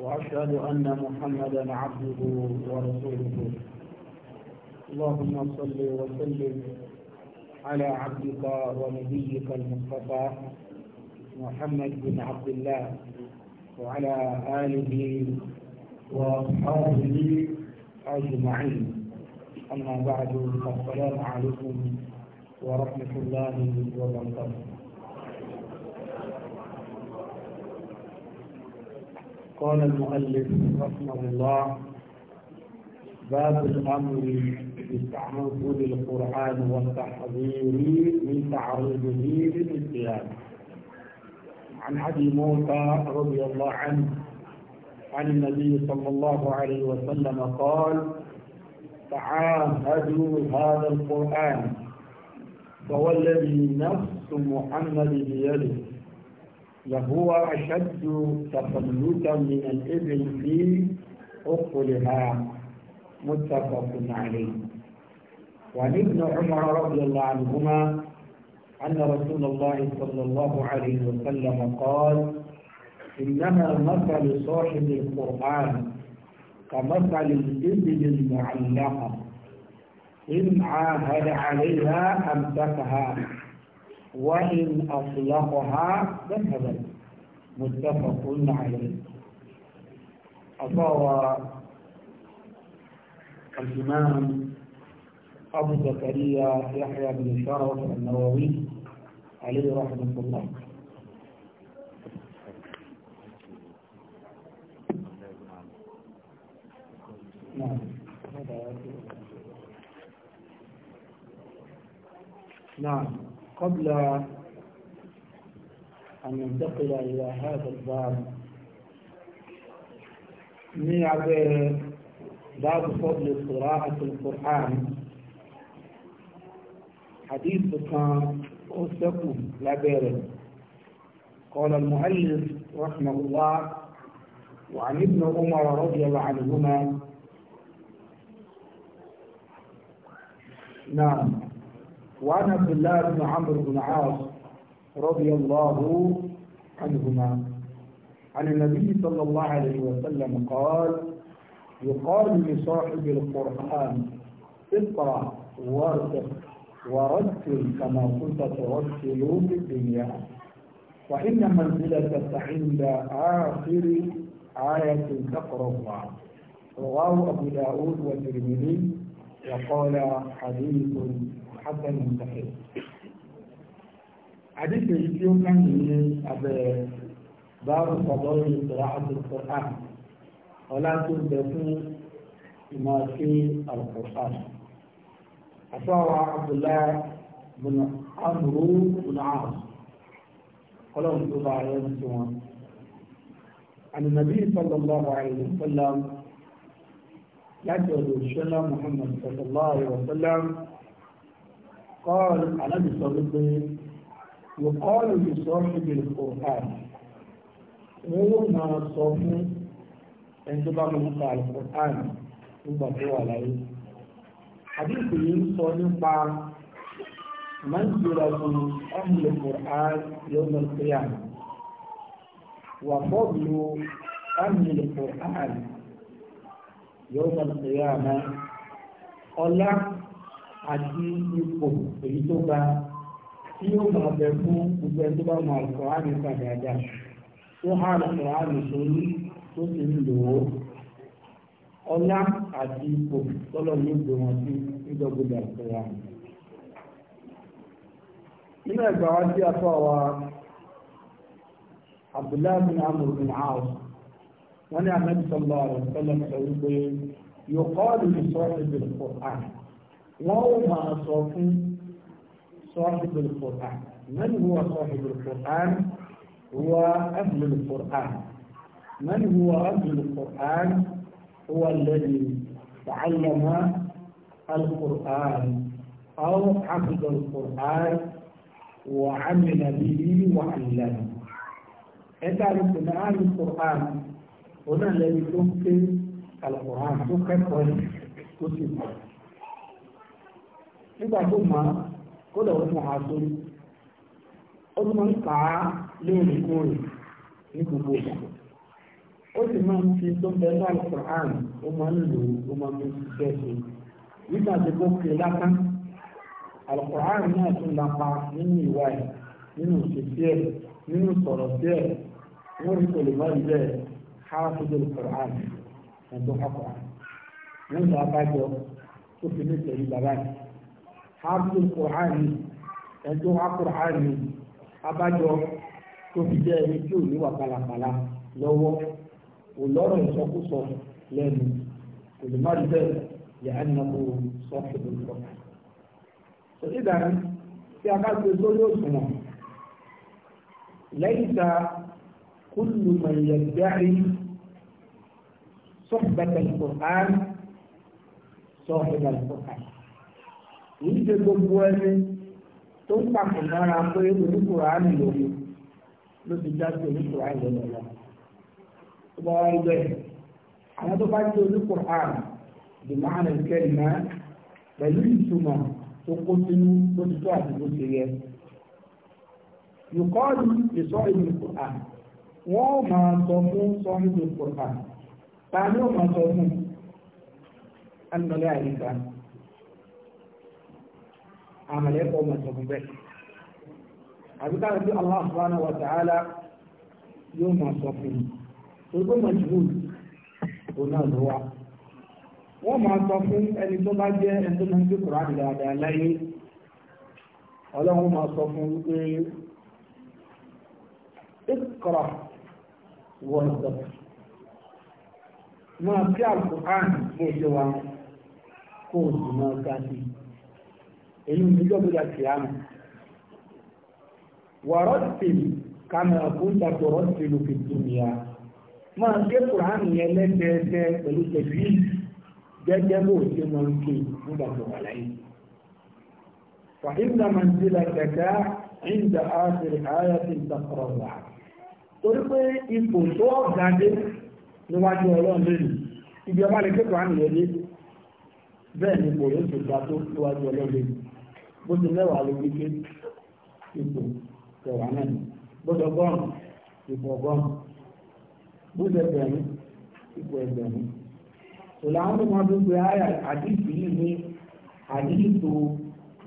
وأشهد أن محمدا عبده ورسوله اللهم صل وسلم على عبدك ونبيك المصطفى محمد بن عبد الله وعلى آله وأصحابه أجمعين أما بعد فالسلام عليكم ورحمة الله وبركاته قال المؤلف رحمه الله باب الامر بتعرض القران والتحذير من تعرضه للاسلام عن ابي موسى رضي الله عنه عن النبي صلى الله عليه وسلم قال تعاهدوا هذا القران فوالذي نفس محمد بيده وهو أشد تفلتا من الإبل في أقلها متفق عليه وعن ابن عمر رضي الله عنهما أن رسول الله صلى الله عليه وسلم قال إنما مثل صاحب القرآن كمثل الإبل المعلقة إن عاهد عليها أمسكها وإن أطلقها ذهبت متفق عليه أصاب الإمام أبو زكريا يحيى بن شرف النووي عليه رحمة الله نعم نعم قبل أن ننتقل إلى هذا الباب نلعب باب فضل قراءة القرآن حديث كان أوسكو لابيري قال المؤلف رحمه الله وعن ابن عمر رضي الله عنهما نعم وعن عبد الله بن عمرو بن عاص رضي الله عنهما عن النبي صلى الله عليه وسلم قال يقال لصاحب القرآن اقرأ وارتق ورتل كما كنت ترتل في الدنيا وإن منزلتك عند آخر آية تقرأها رواه أبو داود والترمذي وقال حديث حتى المستحيل حديث يجيو كان من أبي باب فضائل قراءة القرآن ولا تلبسوا ما في القرآن أصاب عبد الله بن عمرو بن عاص قالوا تضع يوم عن النبي صلى الله عليه وسلم يدعو الشلة محمد صلى الله عليه وسلم kọ́ọ̀lù alábìsọ wípé yóò kọ́ọ̀lù ìsọ níbi ìkòkàn wọ́n yóò máa sọ fún ẹni tó bá mọ̀ nípa ìkòkàn nígbà tó wà láyé. Àdìsí yìí ń sọ nípa mọ́jìlá fún ọmọ ìkòkàn yóò mọ̀ sí àná. Wà fọ́ọ̀lù ọmọ ìkòkàn yóò mọ̀ sí àná. Ọlá àti ipò èyí tó ga tí yóò máa bẹ fún gbogbo ẹni tó bá mọ àlùkòránì kà dáadáa tó há àlùkòránì sórí tó sì ń lò ó ọlá àti ipò tọ́lọ̀ yóò gbé wọn sí nígbàgbọ́dọ̀ àlùkòránì. nínú ẹgbàá wa tí a fọ abdullahi bin amr bin aas wọn ní anabi sallallahu alaihi wa sallam wípé yóò kọ́ ọ́ lè sọ ẹ́ bẹ̀rẹ̀ fún àná. وهو ما máa صاحب القرآن من هو صاحب القرآن هو أهل القرآن من هو أهل القرآن هو الذي تعلم القرآن أو حفظ القرآن وعمل به وعلمه إذا من القرآن هنا الذي تمكن القرآن تكفر تسمع nígbà tó mọ̀ kódà ó tún hàn sórí ó tún máa ń kà á lóòrèkóòrè ní gbogbo ìgbà ó sì máa ń fi tó bẹ náà Quran ó máa ń lò ó máa ń ṣiṣẹ́ ṣe nígbà tí kò kéré látàn Al-Quran náà tún lapa nínú ìwà ẹ̀ nínú ìṣesí ẹ̀ nínú sọ̀rọ̀ sí wọ́n bẹ́ẹ̀ ká tó dé abájọ hábù kùránì ẹjọ́ akùránì abájọ tó fi jẹ́ ẹni tí ò ní wà pàlàpàlà lọ́wọ́ kò lọ́rọ̀ ìsọkúsọ lẹ́nu kò lè má rí bẹ́ẹ̀ yà á nà kó sọ́ọ̀kì lọ́wọ́. sọ̀tí dàní tí a bá gbé sórí òṣùwọ̀n lẹ́yìn ta kúlù mọ̀nyẹ̀dáì sọ́ọ̀bẹ̀tẹ̀ kùránì sọ́ọ̀bẹ̀tẹ̀ kùránì. kì í ṣe gbogbo ẹni tó ń pàpọ̀ pé oníkùrọ̀ á nìlò ló ti já sí oníkùrọ̀ á nìlò lọ. tó bá wá ibẹ̀ àwọn tó bá á di máa nà kẹ́rì náà pẹ̀lú ìtumọ̀ tó kó sínú tó ti tó àti tó ti yẹ. yòkọ́ọ̀lù ìsọ ìlú kùrọ̀ wọ́n máa sọ fún sọ ìlú kùrọ̀ ta ni ó máa sọ fún àyíká. àmàlẹ́ kọ́ ọmọ ìṣọ̀gùn bẹ́ẹ̀. àbí káwọn tí Allah subhanahu wa ta'ala yóò máa sọ fún un tó majhul òun náà ló wà. wọ́n máa sọ fún ẹni tó bá jẹ́ ẹni tó máa ń gbé Kùránì dáadáa láyé ọlọ́run máa sọ fún wípé iqra wọ́n sọ máa kí Al-Qur'an bó ṣe wà kó o sì máa ká sí i èyí níjọ́ gbọ́dọ̀ àkìyàmù wàrọ̀ tèmi kàmì àkóńtà tọ̀rọ̀ tèmi fi dùnìyà máa ké kùránì yẹn lẹ́sẹẹsẹ pẹ̀lú tẹ̀sí gẹ́gẹ́ bó ṣe máa ń ké nígbà tó wà láyé. فإن منزلتك عند آخر آية تقرأها torí pé ipò tó ọ̀gáde níwájú ọlọ́run lónìí ibi ọba lè kékeré àmì yẹn dé bẹ́ẹ̀ ni ipò yóò tó tó níwájú ọlọ́run bó ti mẹ́wàá ló wí pé ipò kẹwàá náà ni bó ti ọgọ́rùn ipò ọgọ́rùn bó ti ẹgbẹ̀rún ipò ẹgbẹ̀rún tòlá ń bí wọn tó gbé àyà àdìsí yìí ní àdìsí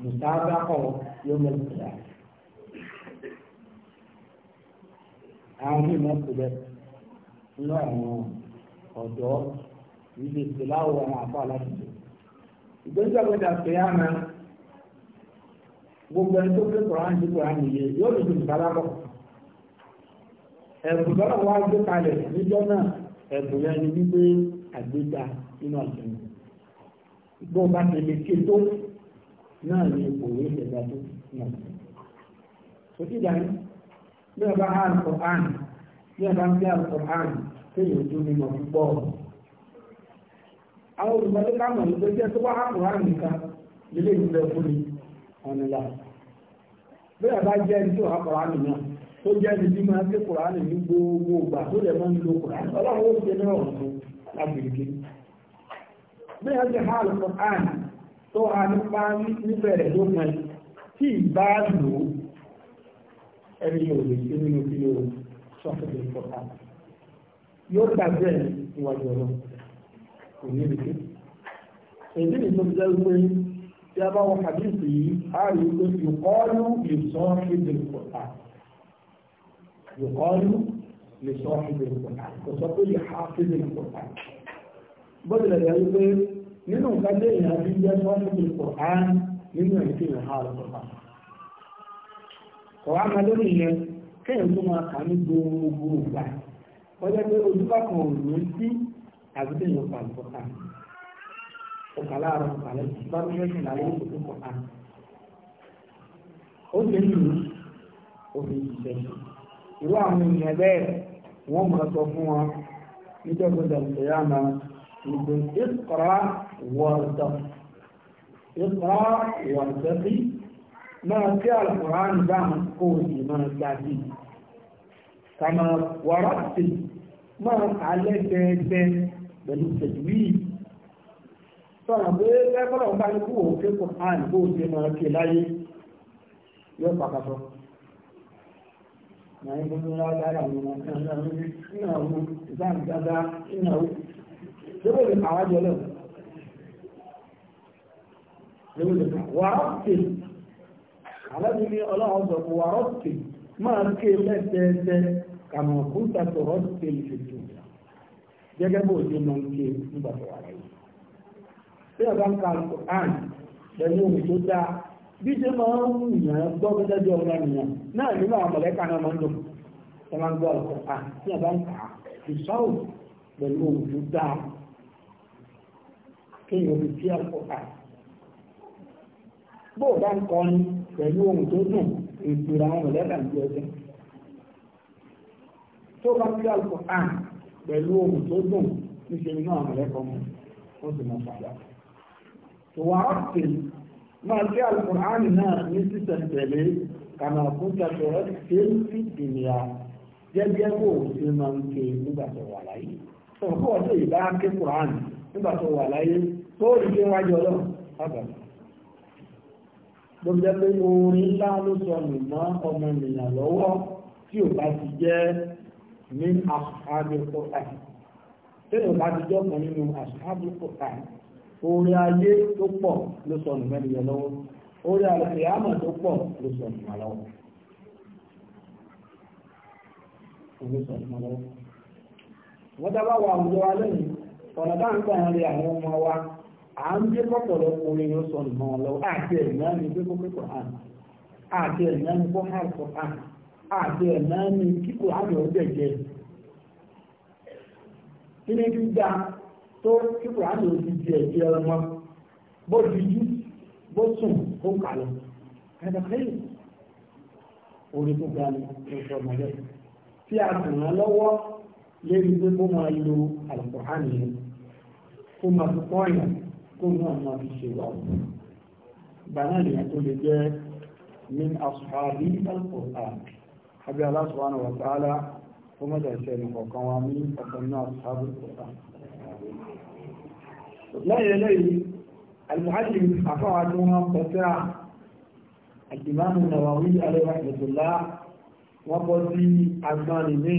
mùsàbákọ yóò mẹ́rin tẹ̀lá àwọn mímọ́ kò bẹ́ẹ̀ nínú àwọn ọ̀dọ́ ìdè tòlá àwọn àbá aláṣẹ ìgbésẹ̀ gbọ́dọ̀ pé àmà gbogbo ẹni tó gbé kọ̀ọ̀án ti kọ̀ọ̀án yìí yóò lè dùn sára bọ̀. ẹ̀bùn tó wá gbé kalẹ̀ níjọ́ náà ẹ̀bùn yẹn ni wípé àgbéga nínú àjẹmọ́. gbọ́ bá ti lè ké tó náà ni ipò òwe ìṣẹ̀dá tó náà. sotí dání bí ọba hàn kọ̀ọ̀án bí ọba ń gbé àkọ̀ọ̀án kéèyàn tó ní mọ̀ púpọ̀. àwọn olùmọ̀lẹ́ká mọ̀ ní pé jẹ́ tó bá hàn kọ̀ọ̀án nìkan lélẹ́yìn lẹ́ fún mi. wọn ni bí ẹ jẹ́ ẹni tó ha kùránì náà tó jẹ́ ẹni máa kùránì ní gbogbo ìgbà tó lè máa ń lo kùránì ọlọ́run ó ṣe náà ọ̀rọ̀ fún lágbègbè bí ẹ ti ha kùránì tó ha nípa níbẹ̀rẹ̀ ló mọ tí ìbá lò ó ẹni yóò lè ṣe nínú kí yóò sọ́kùnrin kùránì yóò dàgbẹ́ ìwàjọ̀rọ̀ kò ní èdè tí a bá wọn hadith yìí a rí i pé yòkọ́lù lè sọ ìdè ìpọ̀tà yòkọ́lù lè sọ ìdè ìpọ̀tà kò sọ pé yìí ha ìdè ìpọ̀tà bọ́dẹ̀ lẹ́yìn rí pé nínú nǹkan tí èèyàn fi jẹ́ sọ ìdè ìpọ̀tà nínú ẹ̀ tí èèyàn ha ìpọ̀tà kọ̀wá máa lórí yẹn kéèyàn tó máa kà ní gbogbo ìgbà wọ́n jẹ́ pé ojú bá kan ò ní sí àbí téèyàn pa ọ̀kà láàárọ̀ ọ̀kà lẹ́yìn bá mi lẹ́yìn ìlànà yóò tó kọ̀ ká. ó ṣe ń lù ó fi ṣiṣẹ́ irú àwọn ènìyàn bẹ́ẹ̀ wọ́n máa sọ fún wọn níjọba ìdàgbàsókè yá máa ìgbè ìkọ̀rá wọ̀ọ̀dọ̀ ìkọ̀rá wọ̀ọ̀dọ̀ bí máa kí àlùkùrán bá ń kó ìdí máa gbàgbé kàmá wàrà sí máa kà lẹ́gbẹ̀ẹ́gbẹ́ pẹ̀lú tẹ̀lé sọ̀rọ̀ pé lẹ́gbọ́dọ̀ bá ní kú òkè kò hàn bó ṣe máa ké láyé yóò pàkàtọ. Màá ń gbọ́dọ̀ lágbára àwọn ọmọ kan ìnáwó ìnáwó. Lébò lè kà wá jọ Lébò lè kà wá Àlọ́bí ní ké lẹ́sẹẹsẹ kàmọ̀kúta Gẹ́gẹ́ bó ṣe máa ń ké bí ọ̀gá ń ka alukur'an pẹ̀lú ohun tó dáa bí ṣe máa ń yàn gbọ́ bí lẹ́jọ́ ọmọ ènìyàn náà nínú àwọn mọ̀lẹ́ka náà máa ń lò ẹ máa ń gbọ́ alukur'an bí ọ̀gá ń kà á ìṣọ́wò pẹ̀lú ohun tó dáa kéèyàn fi kí alukur'an bó o bá ń kọrin pẹ̀lú ohun tó dùn ìgbìrà àwọn mọ̀lẹ́ka ń gbé ọjọ́ tó bá kí alukur'an pẹ̀lú ohun tó dùn níṣẹ́ nínú àwọn mọ̀lẹ́ka ọmọ wọn sì máa ṣàlàyé wàrátìl máa jẹ́ alukùránì náà ní sísẹ̀ntẹ̀lé kàmá kúta tọ̀rọ̀ tẹ́lifí dìníà jẹ́jẹ́ kó o ṣe máa ń ké nígbà tó wà láyé sọ̀rọ̀ kó o ṣe ìbá ké kùránì nígbà tó wà láyé tó o rí pé wájú ọlọ́run ábàbà gbogbo pé orin ńlá ló sọ kan orí ayé tó pọ̀ ló sọnù mẹ́rin yẹn lọ́wọ́ orí àlùkìyàmọ̀ tó pọ̀ ló sọnù mọ́ lọ́wọ́ ló sọnù lọ́wọ́. wọ́n dábàá wà àwùjọ wa lẹ́yìn ọ̀nà bá ń gbọ́n rí àwọn ọmọ wa à ń gbé pọ̀pọ̀lọpọ̀ orí yóò sọnù mọ́ lọ́wọ́ àti ẹ̀yìn ní gbé kókó hàn àti ẹ̀yìn ní hàn hàn àti ẹ̀yìn ní hàn tó kí kùránì òbí di ẹ̀jẹ̀ ọmọ bó dijú bó sùn bó kà lọ ẹ̀dọ̀kẹ́yìn orí tó ga ni ló sọ ọmọ rẹ̀ tí a kàn án lọ́wọ́ lérí pé kó máa lo àlùkùránì yẹn kó máa fi kọ́ ìyàn kó náà máa fi ṣèwà ọ̀hún gbàná lèyàn tó lè jẹ́ min asuhabi alqur'an abi Allah subhanahu wa kuma da sai mu kokan wa min kokan na ashabul qur'an lẹ́yìn eléyìí alimuhajim afáwa tí wọ́n kọ síra àtìmáàmù nàwàwí alẹ́wà ìdùnlá wọ́n bọ́ sí agbáni mi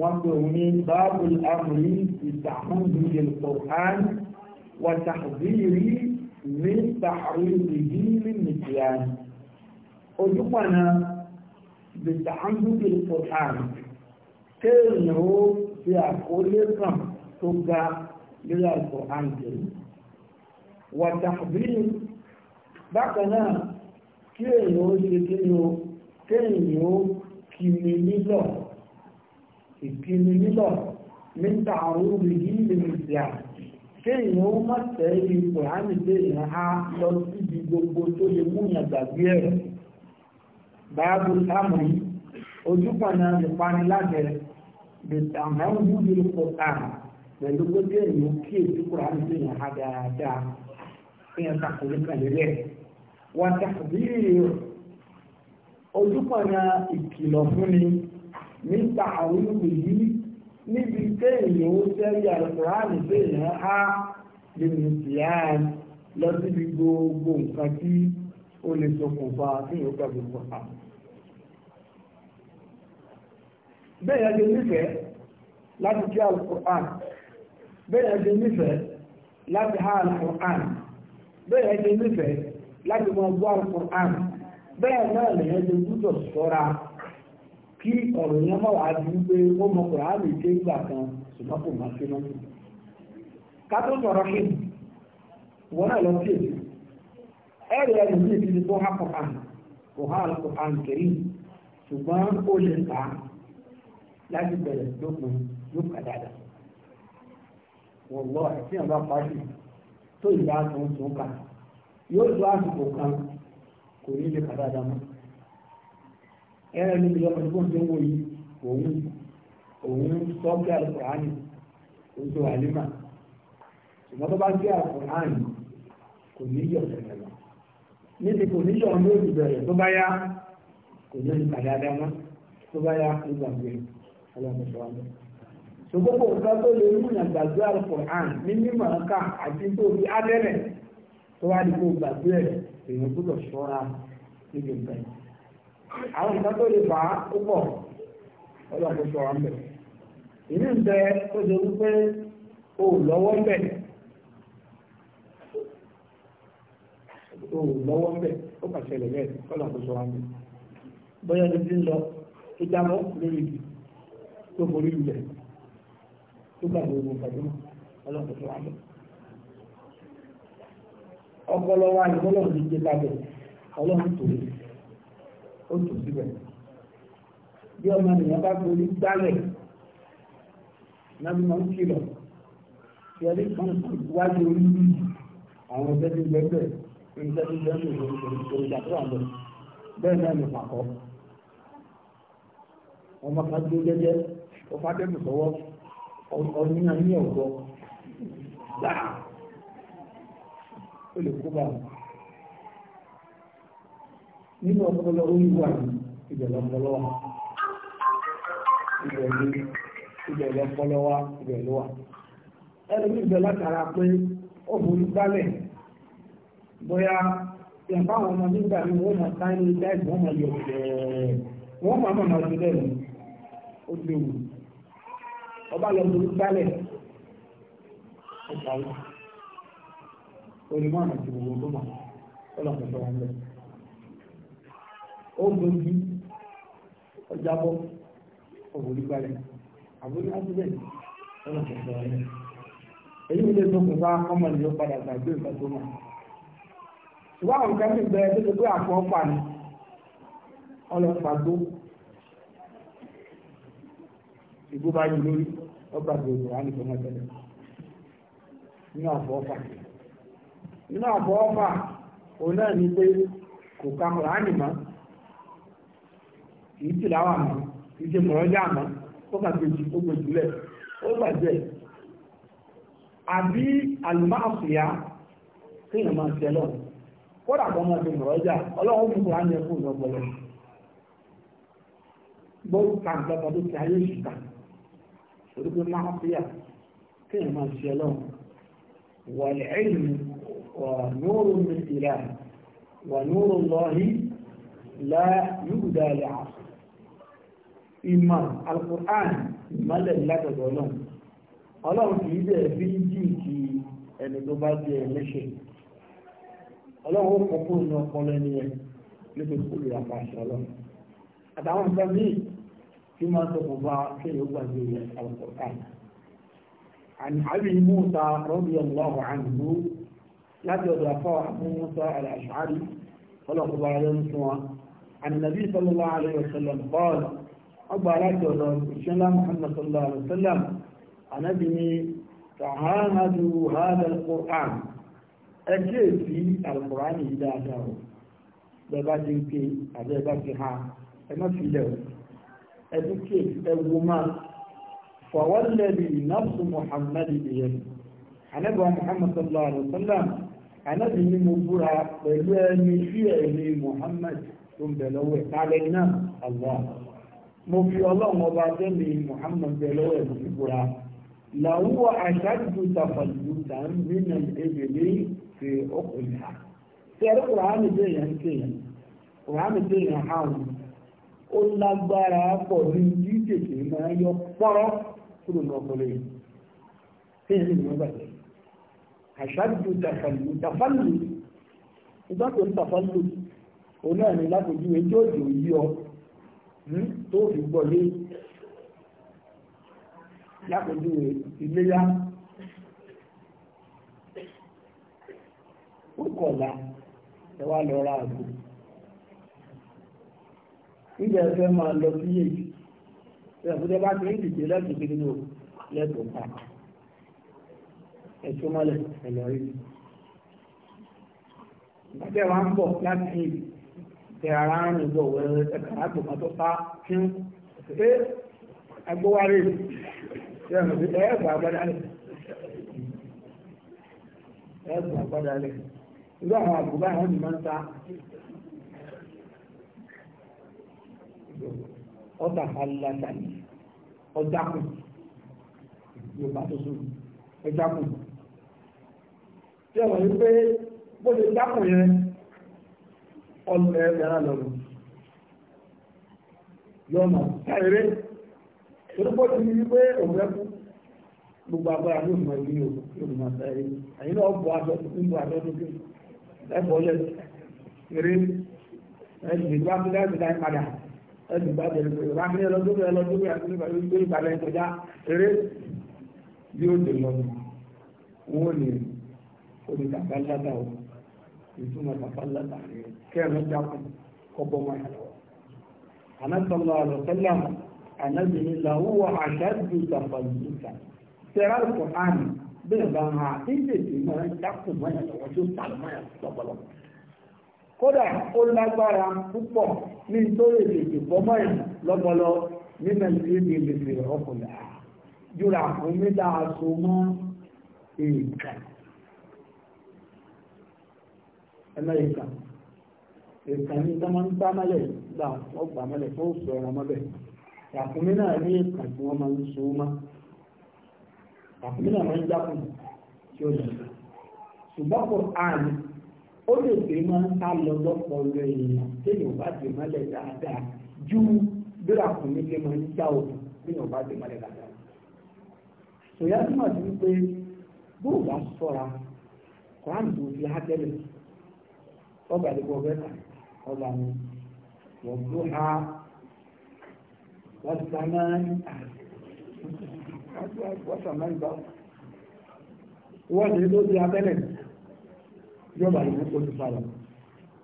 wọ́n pè wọ́n ní báàbù amúrí ìtàkùnjú ìlùkọ̀án wà tàbírí ní tàbí ìdílé nìkìyàn lórí Al-Qur'an àǹjẹ̀rì wàtàbíyìn bákan náà kí èèyàn ó ṣe kí ni ó kéèyàn ó kìnnì nílọ̀ ìkìnnì nílọ̀ níta àrùn yìí lè fi à kéèyàn ó má tẹ̀ ipò àmìlẹ̀ èèyàn á lọ síbi gbogbo tó lè múyàn gbàgbé ẹ̀rọ báàbù sáàmù yìí ojú náà lè pani lábẹ́ bẹ̀tàmọ́ ń wúlò kọ̀ọ̀kan pẹ̀lú gbogbo ènìyàn kí èsì kúrò àdúgbò yẹn ha dáadáa kí yẹn ta kùnú kàlẹ́ rẹ̀ wọ́n ta bíi ojúkọ̀nà ìkìlọ̀ fúnni nípa àwọn olùkọ́ yìí níbi téèyàn ó sẹ́rí àlùkùránì téèyàn á lè mú síyáàn lọ síbi gbogbo nǹkan tí ó lè ṣokùnfà téèyàn ó gbàgbé pọ̀ pa. bẹ́ẹ̀ yẹn ti nífẹ̀ẹ́ láti kí àlùkùránì bẹ́ẹ̀ ẹ̀jẹ̀ nífẹ̀ẹ́ láti ha alukur'an bẹ́ẹ̀ ẹ̀jẹ̀ nífẹ̀ẹ́ láti mọ gbọ́ alukur'an bẹ́ẹ̀ náà lè ẹ̀jẹ̀ gbúdọ̀ sọ́ra kí ọ̀rọ̀ yẹn mọ̀ wá di pé ó mọ kùránì ké gbà kan ṣùgbọ́n kò má sí náà. ká tó sọ̀rọ̀ kí wọn náà wọ̀lọ́ ẹ̀sìn ọ̀bá pàṣẹ tó ìgbà tó ń tún kà yóò tó àsìkò kan kò ní lè kàdá dáná ẹ̀rọ ní ìjọba tó ń ń wò yìí òun òun sọ pé àlùkùránì oṣù àlìmà ṣùgbọ́n tó bá gbé àlùkùránì kò ní yọ̀ tẹ̀lẹ̀ lọ níbi kò ní yọ̀ ní oṣù bẹ̀rẹ̀ tó bá yá kò ní lè kàdá dáná tó bá yá kó gbàgbé ọlọ́run wọn ṣògbógbò nǹkan tó lè mú yàn gbàgbé alukur'an ní mímọ̀ ká àti tóbi adẹ́rẹ̀ tó wá ní kó gbàgbé ẹ̀ èèyàn gbọ́dọ̀ ṣọ́ra níbi nǹkan yìí. àwọn nǹkan tó lè fà á púpọ̀ ọlọ́pàá ṣọ́ra ń bẹ̀. ìní ń bẹ tó ṣe wípé o lọ́wọ́ ń bẹ̀. o lọ́wọ́ ń bẹ̀ ó pàṣẹ lẹ̀ bẹ́ẹ̀ ọlọ́pàá ṣọ́ra ń bẹ̀. bóyá ní ti ń lọ ìjábọ̀ lórí ibi tó borí ilẹ̀ tó gbàgbé ogun ìgbàgbé mọ́ ọlọ́run tó wá bẹ̀. ọpọlọ wa ni ọlọ́run ti gbé lábẹ́ ọlọ́run tó lè ó tù síbẹ̀. bí ọmọ ènìyàn bá forí gbálẹ̀ náà máa ń kìlọ̀ yẹlé kan wájú orí bí àwọn ẹgbẹ́ tó gbẹgbẹ́ ẹgbẹ́ tó gbẹgbẹ́ òrìṣà tó wà lọ bẹ́ẹ̀ náà ní pàkọ́ ọmọ kan tó jẹ́jẹ́ ó fàdébù sọ́wọ́. ọdún náà ní ọ̀gọ́ láà ó kó nínú ọpọlọ orí wà ní ìbẹ̀rẹ̀ ọpọlọ wa ìbẹ̀rẹ̀ ọpọlọ wa wa ẹni ní ìbẹ̀rẹ̀ pé ó borí gbálẹ̀ bóyá ìyàpá àwọn ọmọ nígbà ni wọ́n máa táyé ní ìdá ìgbọ́n máa wọ́n máa máa máa ṣe ó léwu ọba lọ lórí gbálẹ̀ ọ̀pá yìí onímọ̀ àti gbogbo tó mà ọlọ́pẹ̀tọ̀ wọn lẹ̀ ó gbòógì ọjà bọ́ ọ̀gbòrí gbálẹ̀ àbúrò accident ọlọ́pẹ̀tọ̀ wọn lẹ̀ èyí ni lè tó kò bá ọmọ ìlú padà gbàgbé nǹkan tó mà ṣùgbọ́n àwọn kan ti bẹ tó ti pé àpò ọ̀pá ni ọlọ́pàá gbó ìgbó bá yí lórí ọgbà gbogbo wà nìkan náà nínú àbọ̀ ọ̀fà nínú àbọ̀ ọ̀fà òun náà ni pé kò ka kùránì mọ́ kì í tìláwà mọ́ kì í ṣe mọ́ ó ó lẹ̀ ó àbí àlùmáàfìyà kódà máa ṣe ọlọ́run fún ẹ̀kú ìlọ́gbọ̀lọ́ ayé torí pé máa fi à kéèyàn máa ṣe ọlọ́run wal ilmu wa nurun min ilah wa nurullahi la yubda li asr ìmọ̀ alukur'an ìmọ̀lẹ̀ látọ̀dọ̀ ọlọ́run ọlọ́run kì í bẹ̀rẹ̀ bí jíìkì ẹni tó bá jẹ ẹlẹ́ṣẹ̀ ọlọ́run ó kọ́kọ́ ní ọpọlọ ẹni yẹn nítorí kúlù àpàṣẹ ọlọ́run àtàwọn nǹkan bíi tí máa ń sọ̀kò bá kéèyàn gbàgbé rẹ̀ àwòkọ̀tàn. àní àbí Musa radiyallahu anhu láti ọ̀dọ̀ afọ́ àbú Musa al-Ash'ari ọlọ́kùnrin bá yẹn fún wa. ànàbí sallallahu alayhi wa sallam bọ́ọ̀lù ọgbà láti ọ̀dọ̀ ìṣẹ́lá Muhammad sallallahu alayhi wa sallam ànábì ni tàhánàdù hádà al-Qur'an ẹ kéèsì al-Qur'an yìí dáadáa o bẹ́ẹ̀ bá ti ń ké àbẹ́ẹ̀ bá ti ha ẹ má fi lẹ̀ o educate ẹwu máa fọwọ́lẹ́bí nafsu muhammadu ìyẹn anabi wa muhammad sallallahu alaihi wa sallam anabi ni mo búra pẹ̀lú ẹni sí ẹni muhammad tó ń bẹ lọ́wọ́ ẹ̀ kálẹ̀ náà allah mo fi ọlọ́run ọba tẹ́lẹ̀ muhammad bẹ lọ́wọ́ ẹ̀ fi búra làwọn aṣáájú tàfàlù tà ń bínú ebèlé ọkùnrin ha tẹ́lẹ̀ kùránì bẹ́ẹ̀ yẹn kéèyàn kùránì bẹ́ẹ̀ yẹn hàn ó lágbára pọ̀ ní ojú tètè máa yọ pọ́rọ́ kúrò ní ọpọlọ tí òun náà ni lápòjú ẹjọ́ òjò yí ọ hmm, tó fi gbọ́lé lápòjú iléyá ó kọ̀ọ̀la ẹwà nígbà ẹ̀fẹ́ máa lọ sí èyí ẹ̀fúnjẹ́ bá ti ń dìde nínú lẹ́tọ̀ọ́ pa ẹ̀tọ́ mọ́lẹ̀ ẹ̀lọ́ rí wa ń bọ̀ láti ara ń rìn bọ̀ ẹ̀ka tó pa kí ń irú àwọn ọ̀tà alilata ni ọ̀dàkùn yorùbá tó sùn ẹ̀dàkùn tí ẹ̀wọ̀n yìí pé bó ṣe dákùn yẹn ọlọ́ọ̀ ẹ̀rọ lọ́rùn yọ̀ọ̀nà táyẹ̀rẹ́ torípọ̀ ti ní wípé òun ẹ̀kú gbogbo agbára ní òmùmọ̀ ìlú òmùmọ̀ sẹ́rí àyìn náà bọ̀ aṣọ tuntun bọ̀ aṣọ tuntun ẹ̀fọ́ lẹ̀ eré ẹ̀sìn ìgbà tó dáhùn sí láì padà ẹ̀sùn bá bẹ̀rẹ̀ pé wà ní ẹlọ́dún ẹlọ́dún àti nípa ìgbé ìbàlẹ̀ ìkọjá eré yóò dé lọ́nà wọn ò ní omi kàkà ńláta o ìtumọ̀ kàkà ńláta kẹrin jákùn kọ́bọ́ máa yàtọ̀. anasọ́lá àlọ́sọ́lá anabini làwọ̀ àṣàjù tàfàlùkà tẹ̀rà kùnán bẹ́ẹ̀ bá ń ha ilé ìgbìmọ̀ jákùn mọ́ yàtọ̀ wọ́n tó sàlùmọ́ yàtọ̀ lọ́pọ̀lọpọ̀ kódà ó lágbára ní nítorí ètò bọ́mọ́ ẹ̀ lọ́pọlọ ní nàìjíríà ní ìlèsè ọkùnrin yóra fún mi dáa so mọ́ èèkà ẹ̀mẹ́ èèkà èèkà ní ìdámọ́ ń gbá mọ́lẹ̀ gbà wọ́n gbà mọ́lẹ̀ fún òṣù ẹ̀rọ mọ́lẹ̀ ràkúnmí náà ní èèkà tí wọ́n máa ń so mọ́ ràkúnmí náà máa ń jákùn tí ó yẹ ṣùgbọ́n kò àná ó lè gbé máa ń sá lọ lọ́pọ̀lọpọ̀ èèyàn téèyàn bá dè mọ́lẹ̀ dáadáa ju bíra kùn mí lè máa ń já o téèyàn bá dè mọ́lẹ̀ dáadáa. sòyá túmọ̀ sí pé bóò bá sọ̀ra kwan tó fi há tẹ́lẹ̀ ọgbà àdìgbò ọbẹ̀ kan? ọgbà mi wọ́n tó ha wọ́n sá náà ní àná wọ́n sá náà ní bá wọ́n lè lóde abẹ́lẹ̀ mi yóò bá yẹn kó ti sálọ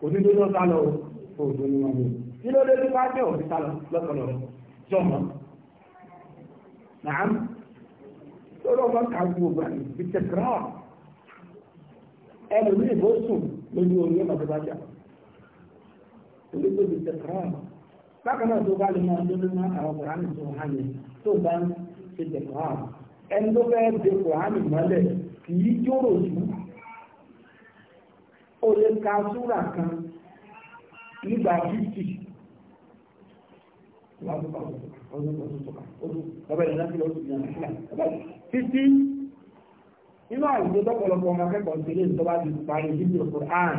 kò ní lójó sálọ o kò tó ní wọn ní kí ló dé tó bá jẹ́ òfin sálọ lọ́kọ̀lọ́ jọmọ nàám lọ́dọ̀ bá kà á gbó gbà ní ìtẹ̀kìrá ẹlòmíì bó sùn lójú omi ọmọ tó bá jà olùkọ́ ìtẹ̀kìrá bákan náà tó bá lè máa lórí máa àwọn kòránì tó hàn ní tó bá ń ṣe tẹ̀kìrá ẹni tó fẹ́ de kòránì mọ́lẹ̀ kì í jórò jù ó lè ka súrà kan nígbà fífì títí nínú àwùjọ lọ́pọ̀lọpọ̀ ọmọ akẹ́kọ̀ọ́ ti lè tọ́ba ti parí bíbí ọ̀pọ̀lán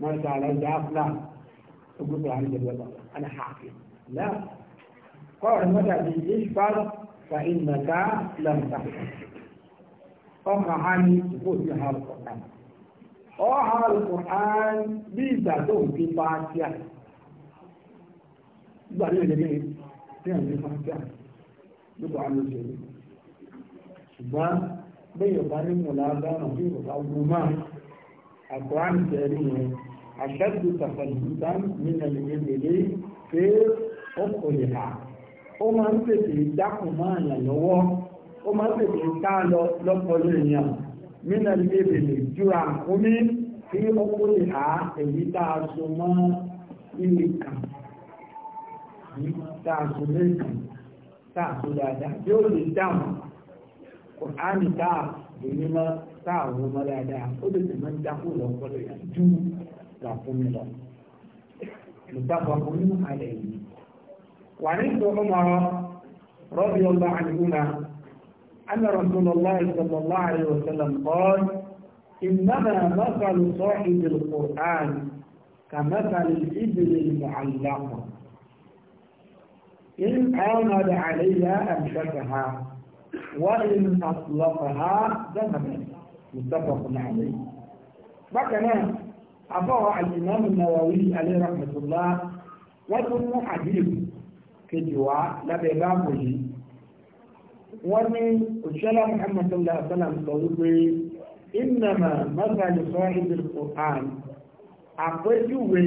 máa ń sàrà ìjà áfúlà ogun tó àárín ìjọba àti àáfíà náà kọ́ ọ̀rẹ́ mọ́tà ti ilé ìfàlù fa ìmọ̀ta lọ́nà ọmọ àmì ìfòsí àárọ̀ kọ̀ọ̀kan ọ̀hà alukur'an bí ìgbà tó ń fi fàáṣíà ìgbà tó ń fi tí a ń fi fàáṣíà lóko àwọn òṣèlú ṣùgbọ́n bẹ́ẹ̀ bá ní mọ̀lá dáná bí ìgbà wù máa àkùrán tẹ̀lé yẹn àṣẹ́dù tàfàlùtà nínú mínà lébèlè ju àkúmí tí ó kó lè há èyí tá a so mọ́ ilé kan tá a so lẹ́kàn tá a so dáadáa yóò lè dáhùn kò á ní tá a lè ní mọ́ tá a mọ́ dáadáa ó lè tẹ̀mọ́ ń dákú lọ́pọ̀lọ́ yà ju làkúmí lọ. Ìgbàgbọ́ ọkùnrin àlẹ́ yìí. Wà ní sọ ọmọ rọ́bì ọba àdìgún náà. أن رسول الله صلى الله عليه وسلم قال إنما مثل صاحب القرآن كمثل الإبل المعلقة إن آمد عليها أمسكها وإن أطلقها ذهبا متفق عليه بكنا نعم، أفوى الإمام النووي عليه رحمة الله وتم حديث كجوا لبيبابه wọ́n ní òṣèlú Muhammad sallallahu alaihi wa sallam sọ wípé ìnàmà mọ́sàlì sọ́ọ́hìndì Qur'an àpéjúwe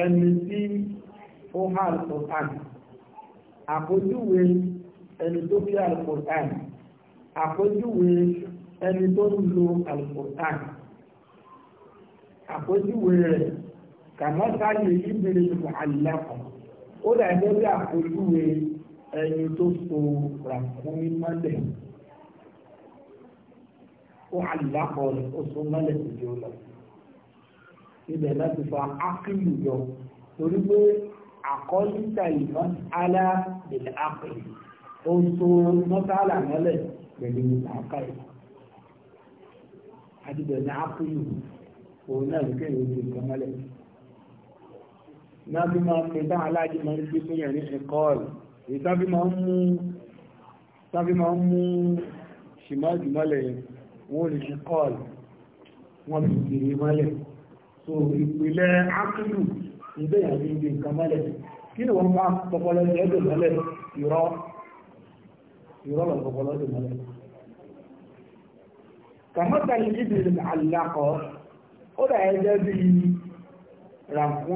ẹni tí ó há Al-Qur'an àpéjúwe ẹni tó bí Al-Qur'an àpéjúwe ẹni tó ń lo quran àpéjúwe rẹ̀ kàmọ́sàlì ìbìrì Muhammad ó dàgbé bí àpéjúwe ẹni tó so ràkúnmí mọ́lẹ̀ ó àlùbákọ̀ rẹ̀ ó so mọ́lẹ̀ ìjọ lọ ibẹ̀ láti fa ákìlù yọ torí pé àkọ́lítà ìbọn alá lè ákìlù ó so mọ́tàlá mọ́lẹ̀ pẹ̀lú àkàì àdìbẹ̀ ní ákìlù òun náà lókè yóò di nǹkan mọ́lẹ̀ náà bí máa aláàjì máa ń gbé fún yẹn ní ẹ̀kọ́ rẹ̀ èyí tábí máa ń mú tábí máa ń mú ṣìmáàjì mọ́lẹ̀ wọ́n lè ṣe kọ́ọ̀lù wọ́n lè kiri mọ́lẹ̀ so ìpìlẹ̀ ákùnù ìbẹ̀ ìyàbí ibi nǹkan mọ́lẹ̀ kí ni wọ́n máa pọpọlọ ẹ̀dùn mọ́lẹ̀ ìrọ́ ìrọ́ lọ pọpọlọ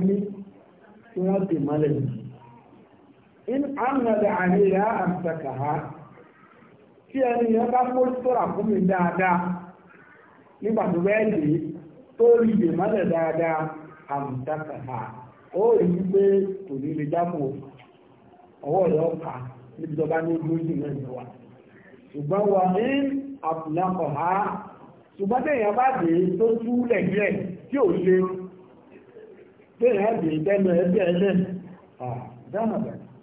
ẹ̀dùn in amada àríyá àmsakaha tí ẹni yẹn bá mójútó ràkúnmí dáadáa nígbà tó bẹ́ẹ̀ lè tó rí ìdè mọ́lẹ̀ dáadáa àmsakaha ó rí pé kò ní lè jápò ọwọ́ rẹ̀ ọ̀ka níbi tó bá ní ní wa ṣùgbọ́n wa ní ha ṣùgbọ́n téèyàn bá dé tó túlẹ̀ díẹ̀ tí ò ṣe téèyàn dé tẹ́lẹ̀ ẹgbẹ́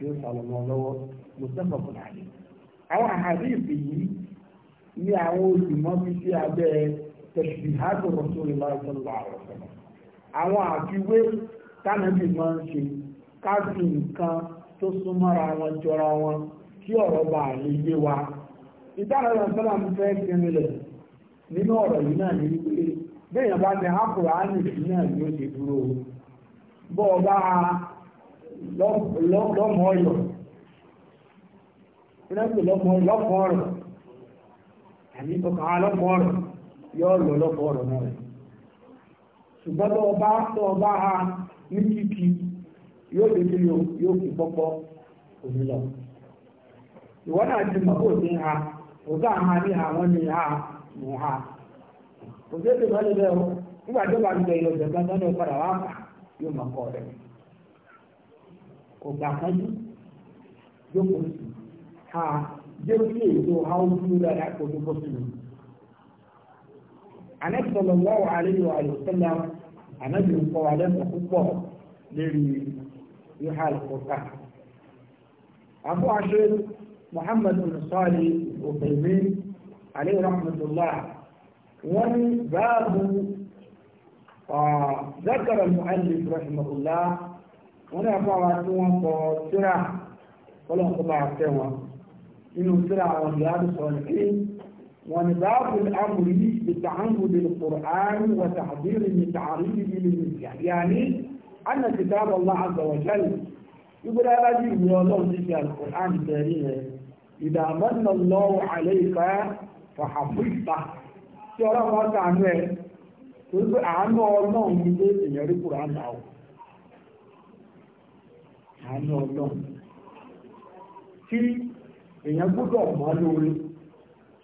yóò sọ̀rọ̀ mọ́ lọ́wọ́ mùsùlùmí ọ̀kùnrin àlè. àwọn àhàdìsì yìí ní àwọn olùmọ́ fi sí abẹ́ tẹ̀síhàtò rọ̀sọ̀rọ̀ lọ́sọ̀rọ̀ àrọ̀sọ̀rọ̀. àwọn àfiwé tánàbì máa ń ṣe ká nǹkan tó wọn jọra wọn kí bá lè yé wa. ń fẹ́ nínú ọ̀rọ̀ yìí náà ní bẹ́ẹ̀ yẹn bá á lọ́mọ ọyọ̀ ìrẹ́pẹ̀ yọ lọ lọ́pọ̀ ọ̀rọ̀ náà ṣùgbọ́n tó ọba tó ọba ha ní kíkí yóò lè fi yóò fi pọ́pọ́ òní lọ ìwọ náà ti mọ̀ kó sí ha ọ̀gá ha ní àwọn ha ha òṣèlú nígbà tó bá ń padà wá yóò kọ́ kò gbà kájú jókòó sí ha jẹ́ kí èso haúsù rẹ̀ lákòókò bó sí mi. Ànábì sallallahu alaihi wa sallam ànábì ń kọ́ wa lẹ́kọ̀ọ́ púpọ̀ lérí ìhà àlùkọ́ta. Àfọ́ aṣọ Muhammad bin Salih Al-Uthaymeen alaihi rahmatullah wọ́n báàbù ذكر المؤلف رحمه الله wọn náà fún àwọn tí wọ́n kọ tíra wọn tíra àwọn ní ni báàbù amúrí àánú ọlọ́run tí èèyàn gbọ́dọ̀ mọ́ lórí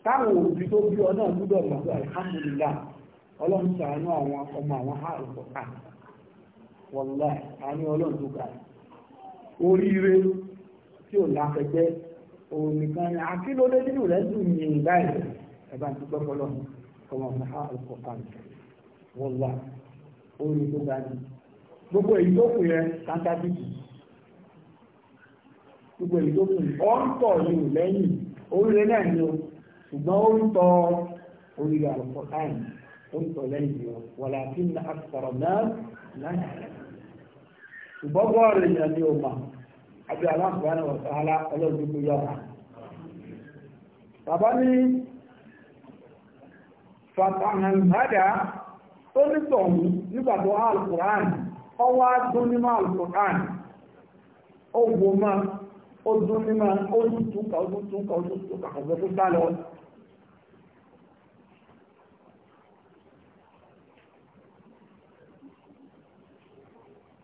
táwọn òbí tó bí mọ́ ọlọ́run àwọn ọmọ àwọn àrùkọ̀ ká wọ́lá àánú ọlọ́run tó ga oríire tí ò láfẹgbẹ́ òun nìkan ni àkílódé nínú rẹ̀ dùn yìnyín báyìí ẹ̀bá ń dúpẹ́ fọlọ́run ọmọ àwọn àrùkọ̀ ká oríire ga ni gbogbo èyí tó kù yẹn gbogbo èyí tó kù ọ ń tọ̀ yìí ò lẹ́yìn oríire náà ni o ṣùgbọ́n ó ń tọ oríire àlùkò táìmù ó ń tọ lẹ́yìn o wàlá kí n àtàrọ̀ náà láyà ṣùgbọ́n bọ́ọ̀lù yẹn ni o mà àbí aláǹfààní ọ̀tàlá ọlọ́dún tó yọ̀ọ̀ta. bàbá ní fàtàhàn tó ní tọ̀hún nígbà tó hàn alukùrán ọwọ́ adún nínú alukùrán ó wò máa ó dún ní máa ó dún túnkà ó dún túnkà ó dún túnkà kò gbé tó sá lọ.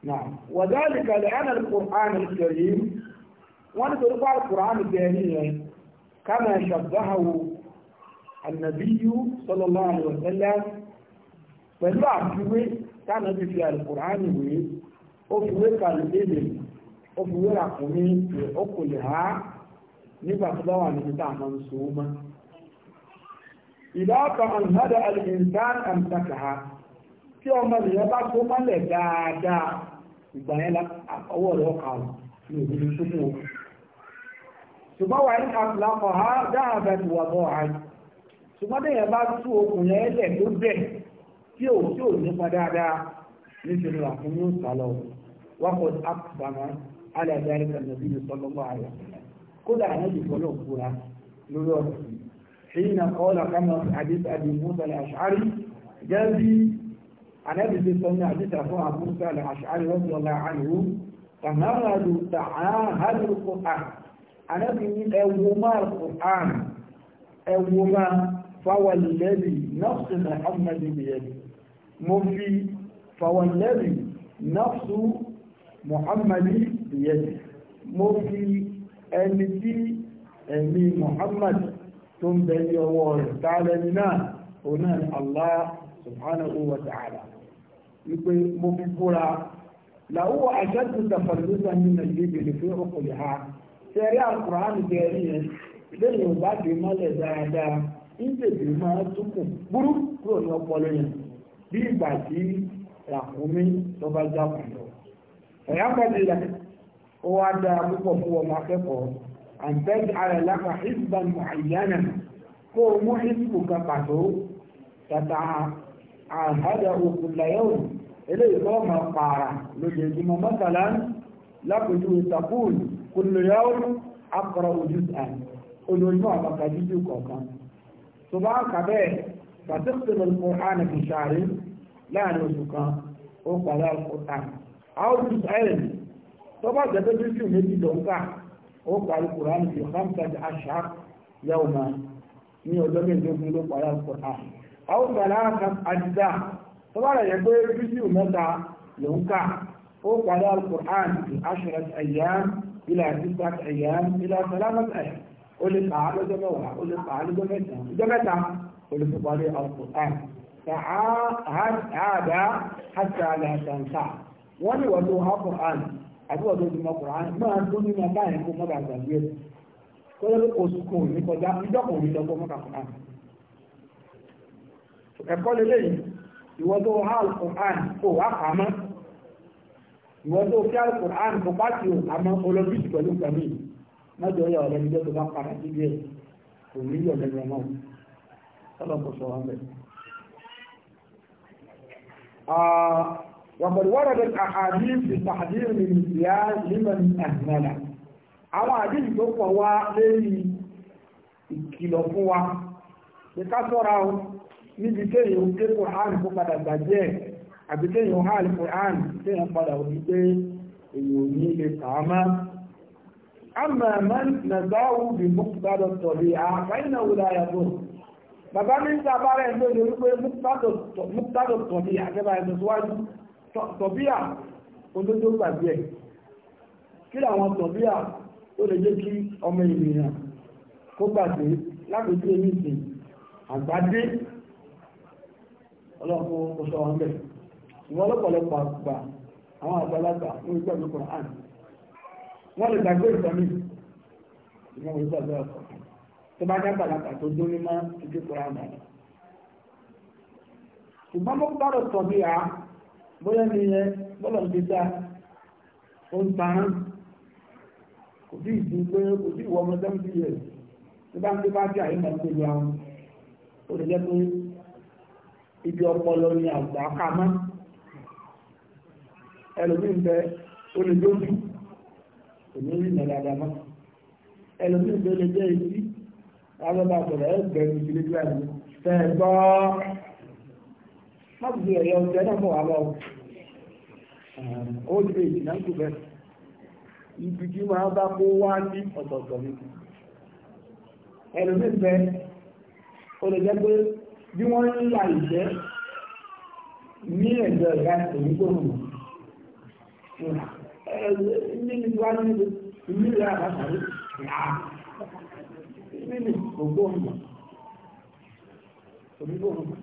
نعم وذلك لأن القرآن الكريم ونطلق القرآن الكريم كما شبهه النبي صلى الله عليه وسلم pẹ̀lú àfiwé tánàbí fi alìkùránì wé ó fi wé kàlùlélè ó fi wéra kò ní ó kò lè há nígbà tó bá wà níbi tá a máa ń so ó mọ́. ìdáàbà àǹhádà alìyìntàn àǹtàkàá tí ọmọ nìyẹn bá tó mọ́lẹ̀ dáadáa ìgbà yẹn la ọwọ́ rẹ̀ ọkà ọ̀ ní òbí tó fún o. ṣùgbọ́n wà ní àpòlápọ̀ ha dáàbà ti wà bọ́ àyè ṣùgbọ́n tí yẹn bá tú okùn yẹn lẹ̀ tó bẹ̀ tí ò tí ò nípa dáadáa níṣẹ́ ni wà fún yóò sálọ wákò àpòlápọ̀ alàgbàrí kàlẹ́bí sọlọ́mọ àyà kódà ànábì fọlọ́ kúra lórí ọ̀rọ̀ yìí ṣèyí na kọ́ọ̀lá kama àdìs àbí musa lè àṣàrí jẹ́bi ànábì ti sọ ní àdìs àfọ́ àmúsà lè àṣàrí rọ́bì ọ̀la àlùú tàmáràlù tàhálù kùtà ànábì ní ẹwù máa kùtà ẹwù máa fawalẹ́bì nọ́ọ̀sì muhammadu bìyẹ̀bì mo fi fawalẹ́bì nọ́ọ̀sù muhammadu ìyẹn mo fi ẹni tí ẹ̀mí Muhammad tó ń bẹ ní ọwọ́ rẹ̀ tààrẹ ní náà òun náà ni Allah subhanahu wa ta'ala wípé mo fi búra làwọ àṣẹ́tù tàfàlùsà ní nàìjíríà fún ọkùnrin ha tẹ̀rí àkùránì bẹ̀rẹ̀ yẹn lẹ́yìn ò bá mọ́lẹ̀ dáadáa ìjèbí máa túkùn burú kúrò ní ọpọlọ yẹn bí ìgbà tí ràkúnmí tó bá jákùn lọ ẹ̀yà pẹ̀lú ó wá dáa púpọ̀ fún ọmọ akẹ́kọ̀ọ́ àǹtẹ́jì ara ìlàkà hizban muayyana kó o mú hizbu kan pàtó tàtà àhádà òkun làyẹ̀wò eléyìí kọ́ máa pààrà lójoojúmọ́ mọ́tàlá lápòjú ìtàkùn kùnlùyàwó akọ̀rọ̀ ojú àn olóyún àbàkà jíjú kọ̀ọ̀kan tó bá kàbẹ́ fàtíkìtìmọ̀ ìkùnrán fi ṣàárín láàrin oṣù kan ó pàdé àkùnrán tọ́ba jẹ́pẹ́ bíríkì méjì lọ́nkà ó parí kùránì fi hamsad aṣá yàwó ma ní ọjọ́ méjìlélógún ló parí àkùrá àwọn gbàlá àdìdá tọ́ba rẹ̀ jẹ́pẹ́ bíríkì mẹ́ta lọ́nkà ó parí àkùrá fi aṣọra ẹ̀yà ilẹ̀ àdìsá ẹ̀yà ilẹ̀ àtàlámà ẹ̀yà ó lè kà á lọ́jọ́ mẹ́wàá ó lè kà á lọ́jọ́ mẹ́ta ó lè parí àkùrá fàá àdá hàtà àlàtàǹtà wọ́n ní wọ́n tó há àbí ọ̀dọ́ ti mọ kùrán máa ń dún nínú ọba yẹn kó mọ́ta àgbàgbé ẹ̀ kọ́lẹ́ oṣù kò ní kọjá ìjọ kò ní lọ́kọ́ mọ́ta kùrán. ẹ̀kọ́ lélẹ́yìn ìwọ tó há kùrán kò wá pamọ́ ìwọ tó kí kùrán kò bá ti àmọ́ olóbìsì pẹ̀lú pẹ̀lú mọ́jọ yà ọ̀rẹ́ níjọ́ tó bá padà sí ẹ̀ kò ní yọ̀ lẹ́nu ọmọ ọlọ́kọ̀ sọ wọn bẹ̀. Ah, وقد وردت أحاديث في تحذير من الصيام لمن أهمله àwọn àdéhùn tó pọ̀ wá lérí ìkìlọ̀ fún wa ní ká sọ́ra o níbi téèyàn ké Kùránì kó padà gbàjẹ́ àbí téèyàn há Kùránì téèyàn padà wọ́n pé èyàn ní ilé kàámá àmọ́ man nàzáwù bí mọ́kútàdọ̀ tọ̀lé àfáìnà wùlá yàtọ̀ bàbá mi ń sábà rẹ̀ lóde wípé mọ́kútàdọ̀ tọ̀lé tọ̀bíà olójó gbàgbé ẹ̀ kí làwọn tọ̀bíà ó lè jẹ́ kí ọmọ ènìyàn kó gbàgbé lápòjú ẹni àgbádé ọlọ́run kò bẹ̀ ìwọ́n lọ́pọ̀lọpọ̀ bá dá gbàlagbà bóyá ní ẹ bọ́lọ̀ ti dá ó ń parán kò sí ìdí pé kò sí ìwọ ọmọ seventy years tí bá ń gbé bá jà yìí máa ń gbé lọ àwọn ó lè jẹ́ pé ibi ọpọlọ ni àgbà ká mọ́ ẹlòmíín bẹ ó lè dójú kò ní rí ìmọ̀ dáadáa mọ́ ẹlòmíín bẹ lè jẹ́ ìdí lábẹ́ bá sọ̀rọ̀ ẹgbẹ̀rún ìdílé bí fẹ́ gbọ́ má gbé ẹ̀yọ ọ̀tẹ̀ náà mọ̀ wá lọ. old age náà kù bẹ́ẹ̀ ibi tí máa bá kó wá ní ọ̀tọ̀ọ̀tọ̀ ni ẹlòmíì bẹ ó lè jẹ́ pé bí wọ́n ń la ìjẹ́ ní ẹ̀jọ̀ ìyá èyí tó mọ̀ nínú wa nínú ìlú ìyá àbáṣáré nínú gbogbo ọmọ òbí gbogbo ọmọ.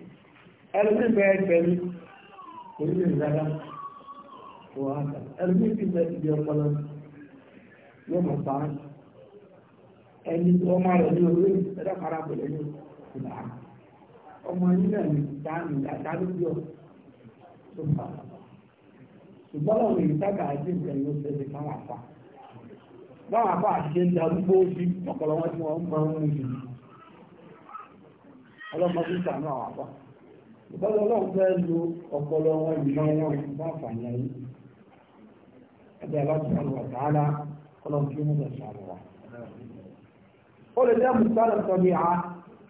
ẹlòmí bẹ́ẹ̀ gbẹ̀mí kò ní lè rárá kò wá kà ẹlòmí ti bẹ ìdí ọpọlọ ẹni ọmọ rẹ̀ ní orí ẹ̀dá fara bẹ̀rẹ̀ ọmọ yìí náà ní dáàmì àtàlù yọ àpá àṣìṣe ń tí ń bá wọn mú ìbọ́lọ́ náà fẹ́ lo ọpọlọ wọn ìmọ̀ wọn ìgbà àǹfààní ayé ẹgbẹ́ aláṣà wà tààlà ọlọ́run mú bẹ̀ sàrọ̀ ó lè jẹ́ mùsàlù sọ̀bì à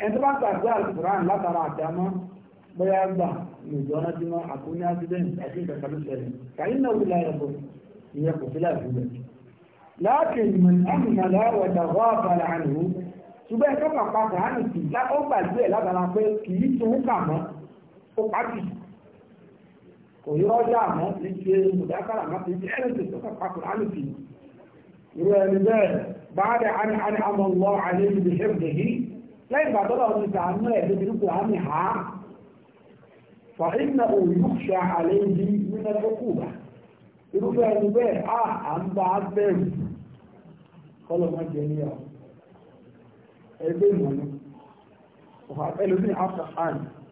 ẹni bá gbàgbé àlùkùrán látara àdámọ́ bóyá gbà àti kàyí náà wù láyé bọ̀ ìyẹn kò ó pàtì kò yọ ọjà àmọ́ kì í ṣe mùdákàrà má kì í ṣe ẹ̀rẹ́sì tó kà pàtó alùpì irú ẹni bẹ́ẹ̀ báyìí àni àni àmọ́ lọ àlẹ́ ibi ṣẹ́gun yìí lẹ́yìn ìgbà tọ́lọ̀ ti ta àánú ẹ̀ lóbi rúkú àmì ha fàhínà òyùkṣà àlẹ́ ibi nínú ẹgbẹ́ kù bá ẹni bẹ́ẹ̀ á à ń bá bẹ̀rù kọ́lọ̀ má jẹ níyà ẹgbẹ́ ìmọ̀lẹ́ ẹlòmíì after time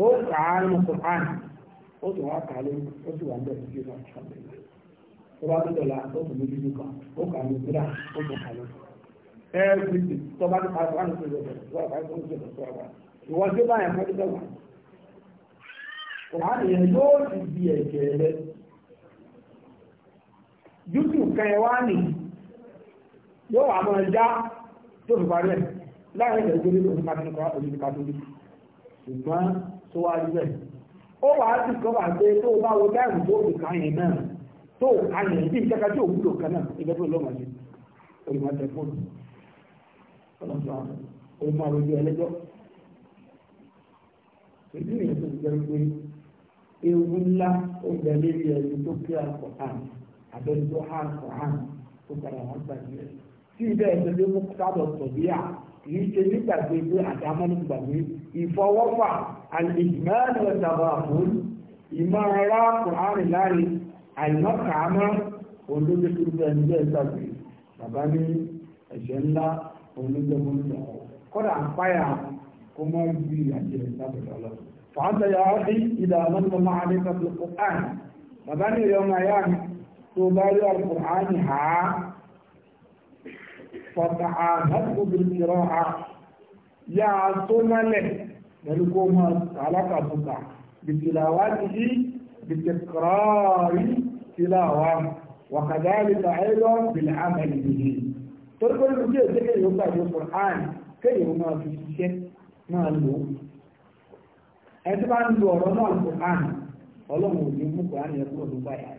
ó kà á nínú kùrán ó sì wá kà á lé ó sì wà ń bẹ̀rẹ̀ sí ìlú àtúntò tó bá tó dọ̀la ó sì lójú nípa ó kà á ní ìdúrà ó sì kà á lé ẹ̀ẹ́dì tó bá tó kà á lé wọ́n ti bẹ̀rẹ̀ wọ́n kà á lé wọ́n ti bẹ̀rẹ̀ sọ́ra ìwọ tí ó bá yẹn fọ́jú dọ̀la kùrán yẹn yóò ti di ẹ̀jẹ̀ rẹ yútù kan ẹ wá nì yóò wà máa já tó fi parí ẹ̀ láàrin ìgbà ìgbélé ló ń bá tó ń kọ́ òní ká tó dé ṣùgbọ́n tó wá rí bẹ́ẹ̀ ó wàá sì kọ́ bá pé tó bá wo dáìmù tó lè káyìn náà tó káyìn bí ìjẹ́ka tí òun lò kan náà ẹgbẹ́ tó lọ́mọ sí olùmọ̀ tẹ fóònù ọlọ́sọ olùmọ̀ àròjù ẹlẹ́jọ́ èyí ni ètò ìjẹ́ pé ewu ńlá ó bẹ lérí ẹni tó kí àkọ́hán àbẹ́ni tó há àkọ́hán tó padà wọ́n gbàgbé tí ibẹ̀ ẹ̀sẹ̀ ló mú sábọ̀ tọ̀bíyà kì í ṣe nígbàgbé pé àdámọ́ ní ìfọwọ́fà alìmọ́ẹ̀lì ọ̀tàbà fún ìmọ̀ràn kùhárì láàrin àìmọ́kàámọ́ olóde kúrúkú ẹni bẹ́ẹ̀ sàgbé bàbá ní ẹ̀ṣẹ̀ ńlá olóde kúrúkú kọ́dà àpáyà kó mọ́ ń bí àjẹ́ sábẹ̀dọ̀ lọ. fàáta yà á dé ìdá ọlọ́dún máa ní sọ́tún kùhán bàbá ní ìyá ọmọ ayá mi tó bá rí alùpùpù yá a tó mọ́lẹ̀ pẹ̀lú kó mọ́ alákàbùkà bìtìláwá ti yí bìtìkọ́rọ́rí tìláwá wàkàdáàlì tààlọ́ bìlẹ̀ àmàlì nìyí torí ojú èdè kéèyàn ó gbàgbé Qur'an kéèyàn máa fi ṣiṣẹ́ máa lò ó ẹ ń lo ọ̀rọ̀ náà Qur'an ọlọ́run ò ní mú Qur'an yẹn kúrò ṣùgbọ́n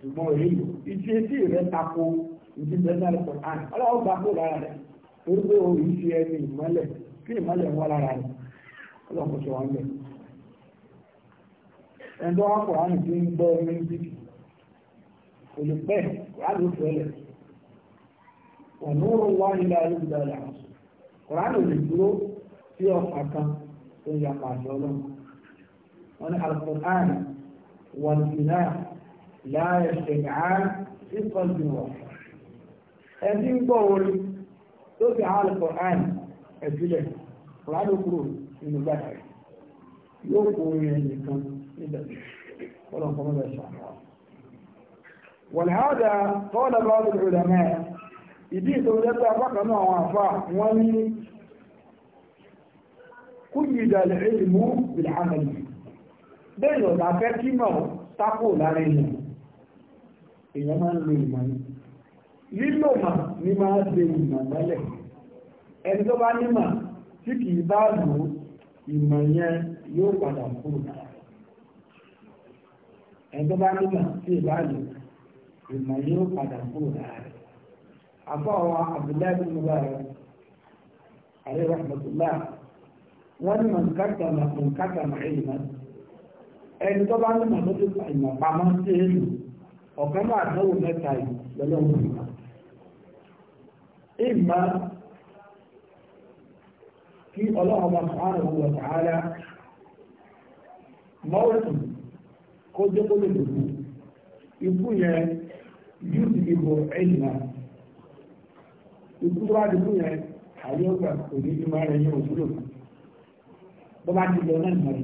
ṣùgbọ́n èyí ìṣesí rẹ̀ tako náà Qur'an ọlọ́run gbà kó lára rẹ̀ torí pé orí ṣe ẹni ìmọ́lẹ̀ kí ìmọ́lẹ̀ wọ́n lára rẹ̀ ọlọ́pọ̀ ṣe wọ́n bẹ̀. ẹ̀ńdọ́ wọn kọ̀ láti ti ń gbọ́ mílíọ̀tì kò lè pẹ́ kùránì ó fẹ́lẹ̀ wọ́n ní wọ́n wá nílẹ̀ ayélujára kùránì lè dúró sí ọ̀pá kan tó ń yapa àṣẹ ọlọ́run wọ́n ní alukur'an wọ́n ti náà láàyè ṣẹ̀dá sí fọ́ọ̀dù ẹni ń gbọ́ orin tó fi àwọn alukur'an ẹ̀sílẹ̀ nínú gbàdá yóò kó orin ẹ̀ nìkan níbẹ̀ ọlọ́run kọ́ mọ́bẹ̀ ṣàkóso. wàlhádà tọ́lá bá wọ́n lè rẹ̀ ìdí ìtòwúrẹ́ pé apákan àwọn àfa wọ́n ní bẹ́ẹ̀ fẹ́ kí mọ̀ tákò èèyàn máa ń lo ìmọ̀ yìí lílò mà n'i máa ṣe ìmọ̀ mọ́lẹ̀ ẹni tó bá nímọ̀ tí kì í bá lò ó ìmọ̀ yẹn yóò padà kúrò ẹni tó bá nímọ̀ tí ì bá lò ìmọ̀ yóò padà kúrò láàrin àfọwọ́ abdullahi bin wọ́n ní mọ̀nkátà mọ̀nkátà mọ̀ ẹ̀yìn ẹni tó bá nímọ̀ ọ̀kan náà àdánwò mẹ́ta yìí lọ́lọ́wọ́ ìgbà ìmá kí ọlọ́run bá sàárà wọn wọ̀ sàárà mọ́wọ́sì kó jẹ́ kó lè dùn ikú yẹn yóò ti dìbò ẹ̀yìn ikú wá dìbò yẹn àyè ọgbà máa rẹ̀ yẹn bó bá ti lọ náà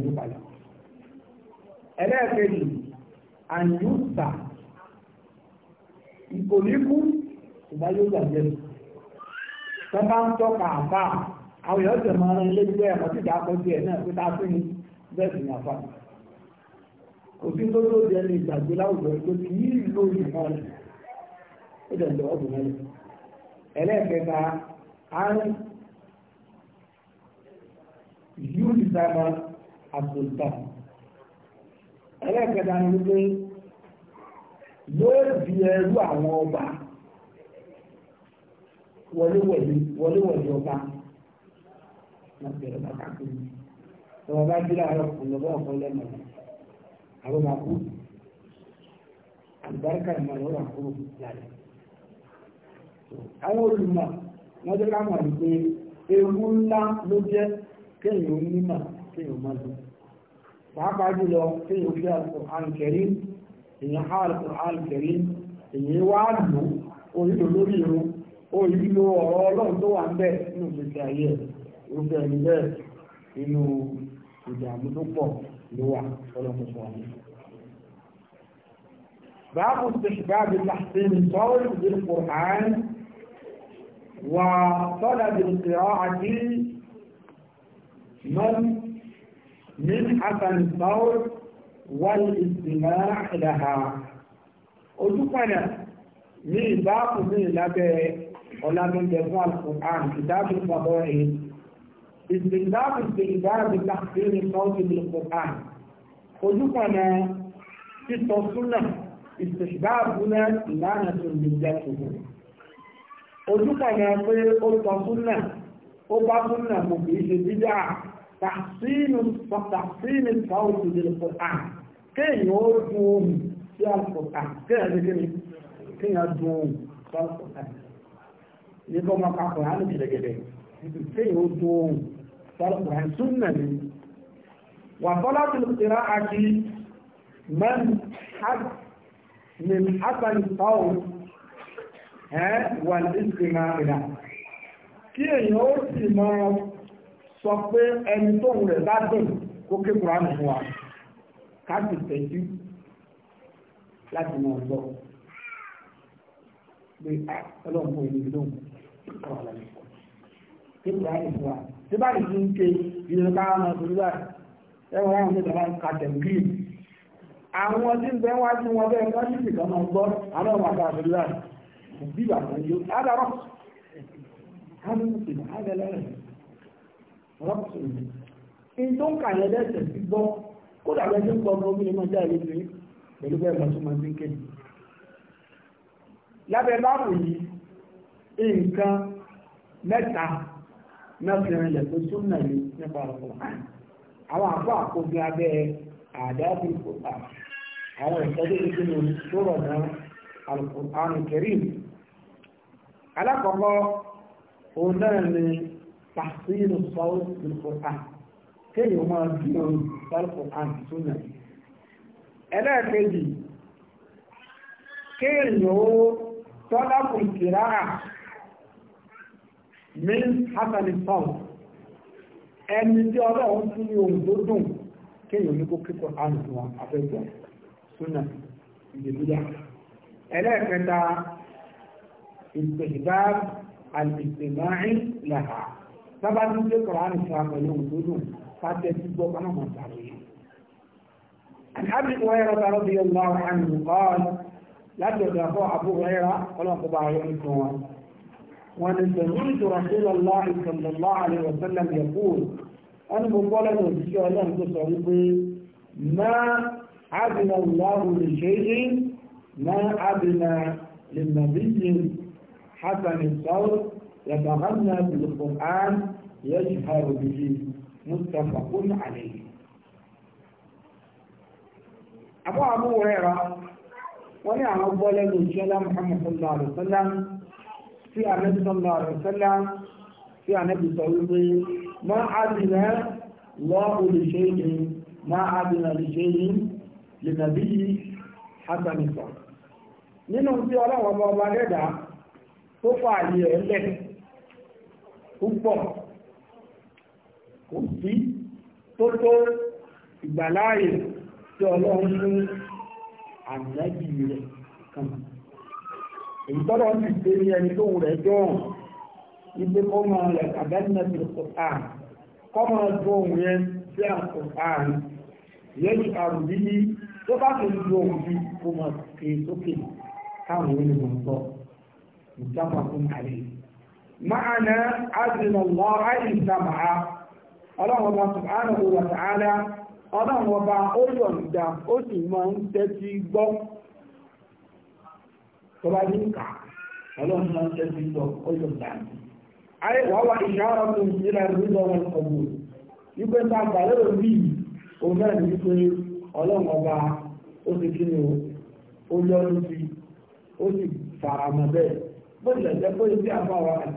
ìkò ní kú ṣùgbọ́n yóò gbàgbé rẹ̀ ń tọ́ka àfà àwọn èèyàn tẹ̀ máa tí ẹ̀ náà pé ká fún ni bẹ́ẹ̀ sì ní àfà kò tó tó di ẹni ìgbàgbé láwùjọ tó ti yí ìlú rẹ̀ ó dẹ̀ mẹ́lẹ̀ ẹlẹ́ẹ̀kẹta àárín sábà ẹlẹ́ẹ̀kẹta ni wípé yóò di ẹrú àwọn ọba wọléwọlé wọléwọlé ọba wọn bẹ̀rẹ̀ bá káàkiri ọba bá dé láàárọ̀ kò lọ bá ọkọ lẹ́nu àwọn máa kú àlùbáríkà ìmọ̀ lọ́wọ́ àkúrò lálẹ́ àwọn olùmọ̀ wọ́n jẹ́ káwọn àdúgbò ewu ńlá ló jẹ́ kéèyàn onímọ̀ kéèyàn mọ́ lọ pàápàá jùlọ kéèyàn fi àǹkẹ́rí èyàn al-Qur'an al-Karim èyàn wá lò orílò lórí irun orílò ọ̀rọ̀ ọlọ́run tó wà ń bẹ̀ nínú ìgbésí ayé ẹ̀ irúfẹ́ ẹni bẹ́ẹ̀ nínú ìdààmú tó pọ̀ ló wà ọlọ́run tó wà ní wal istima' laha ojúkọ̀nà ní ìbáàkù ní ìlábẹ́ ọ̀làmẹ́jẹ fún al-Qur'an kìtàbí pàbọ̀ èyí ìsìnkáàbù sí ìbáàbí tàbí sọ́ọ̀tì ní al-Qur'an ojúkọ̀nà títọ́ súnà ìsìnkáàbù náà ìlànà tó lè jẹ́ tuntun ojúkọ̀nà pé ó tọ́ súnà ó bá súnà kò kì ṣe dídá tàbí sọ́ọ̀tì ní al kéèyàn ó dùn ohun sí àpòtà kéèyàn ti kí ni kéèyàn dùn ohun sí àpòtà ní kọ́ máa ka kọ̀ọ̀rọ̀ àlùkì gẹ̀gẹ̀dẹ̀ kéèyàn ó dùn ohun sí àpòtà súnmọ̀ ni wà bọ́lá tó ti ra àti mẹ́rin من حسن القول ها والاستماع له kí èèyàn ó sì máa sọ pé ẹni tó ń rẹ̀ bá dùn kó ké kúránù fún wa káàdì tẹ́jú láti mọ̀ ọ́ lọ pé ọlọ́run kò ní lóhùn kọ́ ọ̀la ní kọ́. Tébù láyé fún wa. Tébà lè fi ń ké ìlú káwọn ọmọ ìlú bá ẹ wọ́n àwọn ọmọdé bá ń ka tẹ̀ gírì. Àwọn tí ń bẹ wá sí wọn bẹ́ẹ̀ wọ́n sì sì máa gbọ́ àwọn ọmọ àgbà ìlú bá bí bàbá yóò ádàrọ̀. Hánú ti bá ádàlẹ́rẹ̀ rọ́pùsùn. Ìjọ́ ń kà yẹn lẹ́sẹ̀ kódà bẹ́ẹ̀ tó ń gbọ́ ọmọ obìnrin máa jáde lójú pẹ̀lú bẹ́ẹ̀ lọ tó máa ti ń kéde. lábẹ́ báàbù yìí nǹkan mẹ́ta náà fi rìn lẹ̀ tó súnmọ́ yìí nípa ọ̀pọ̀ àwọn àpò àkóbí abẹ́ àdáàbò ìfòpà àwọn ìtọ́jú ìdíjìnà tó rọ̀ mọ́ alùpùpù kẹrin alákọ̀ọ́kọ́ òun náà ni tàṣílù sọ́ọ́ ìfòpà kéèyàn máa dúró lálùkù àǹtí súnà ẹlẹ́ẹ̀kejì kéèyàn ó tọ́lápù ìkìlára ní hasani sọ́ọ̀ ẹni tí ọlọ́run fún ní ohun tó dùn kéèyàn ní kó kíkọ àǹtí wọn afẹ́gbọ́ súnà ìdèmíyà ẹlẹ́ẹ̀kẹta ìpèsè àlìsèmáì làhà sábà ní pé kọ̀ọ̀rán ìṣàkọ̀yọ̀ òdòdó kájẹ́ tí gbọ́ kánà mọ̀ tààrà yìí. عن أبي هريرة رضي الله عنه قال لا تدافع أبو هريرة ولا قضاء يوم وأنا سمعت رسول الله صلى الله عليه وسلم يقول أنا مقولة في الله تصرفي ما عدل الله لشيء ما عدل للنبي حسن الصوت يتغنى بالقرآن يجهر به muttafaqun alayhi àbọ̀ Abu Hurairah wọ́n ní àwọn gbọ́ lẹ́nu ìṣẹ́lá Muhammad sallallahu alaihi wasallam tí Ànábì sallallahu alaihi wasallam tí Ànábì sọ wípé ma adina Allahu li shay'in ma adina li shay'in li nabiyyi hasanisa nínú tí ọlọ́wọ́ ọba ọba tó fà púpọ̀ kò sí tó tó ìgbàláàyè tí ọlọ́run fún àgbájì rẹ̀ kan èyí tọ́lọ́ sì pé ní ẹni tó rẹ̀ dọ́ọ̀n ibi kọ́ máa rẹ̀ àgbájìnà yẹn sí ọ̀tà ní tó bá tó ń dọ́ọ̀n bí kó máa ké sókè káwọn ènìyàn sọ ìjábọ̀ fún àlè. máa ná àdìnnà lọ́ọ́ àìsàn máa Ọlọmọba ọba subhanahu wa ta'ala ọlọ́run ọba ó yọ̀ǹda ó sì máa ń tẹ́tí gbọ́ tó bá ní kà ọlọ́run ń tẹ́tí gbọ́ ó ta wípé ó ti kí ni ó sí ó sì fara mọ́ bẹ́ẹ̀ bó pé ibi àti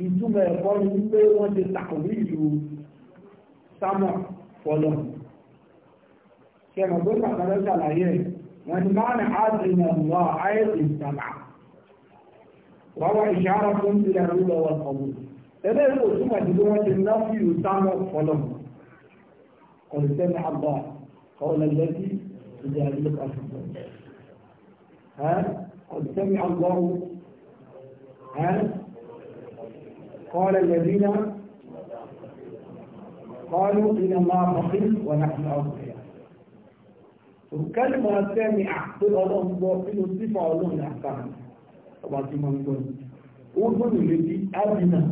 ìtumọ̀ ẹ̀kọ́ ni wípé wọ́n ti tàkùnrí ìlú sámọ̀ fọlọ̀ kẹmọ̀ tó kàkàrẹ́ ṣàlàyé wọn ni máa ní àdìyàn lọ àìsí sàmà wọ́wọ́ ìṣàrà fún ìlẹ̀ rúlọ wọn kọ̀wọ́ ẹgbẹ́ ìlú òtúmọ̀ tí wọ́n ti ná sí ìlú sámọ̀ fọlọ̀ kọ̀lùsẹ́ni àgbà kọ̀ọ̀lẹ̀lẹ́sí ìjà ìlú kọ̀ọ̀sùn قد سمع الله ها قال الذين قالوا إن الله فقير ونحن أغنياء وكلمة سامع قل الله باطل الصفة الله الأحكام طبعا في منظور وظن الذي أبنى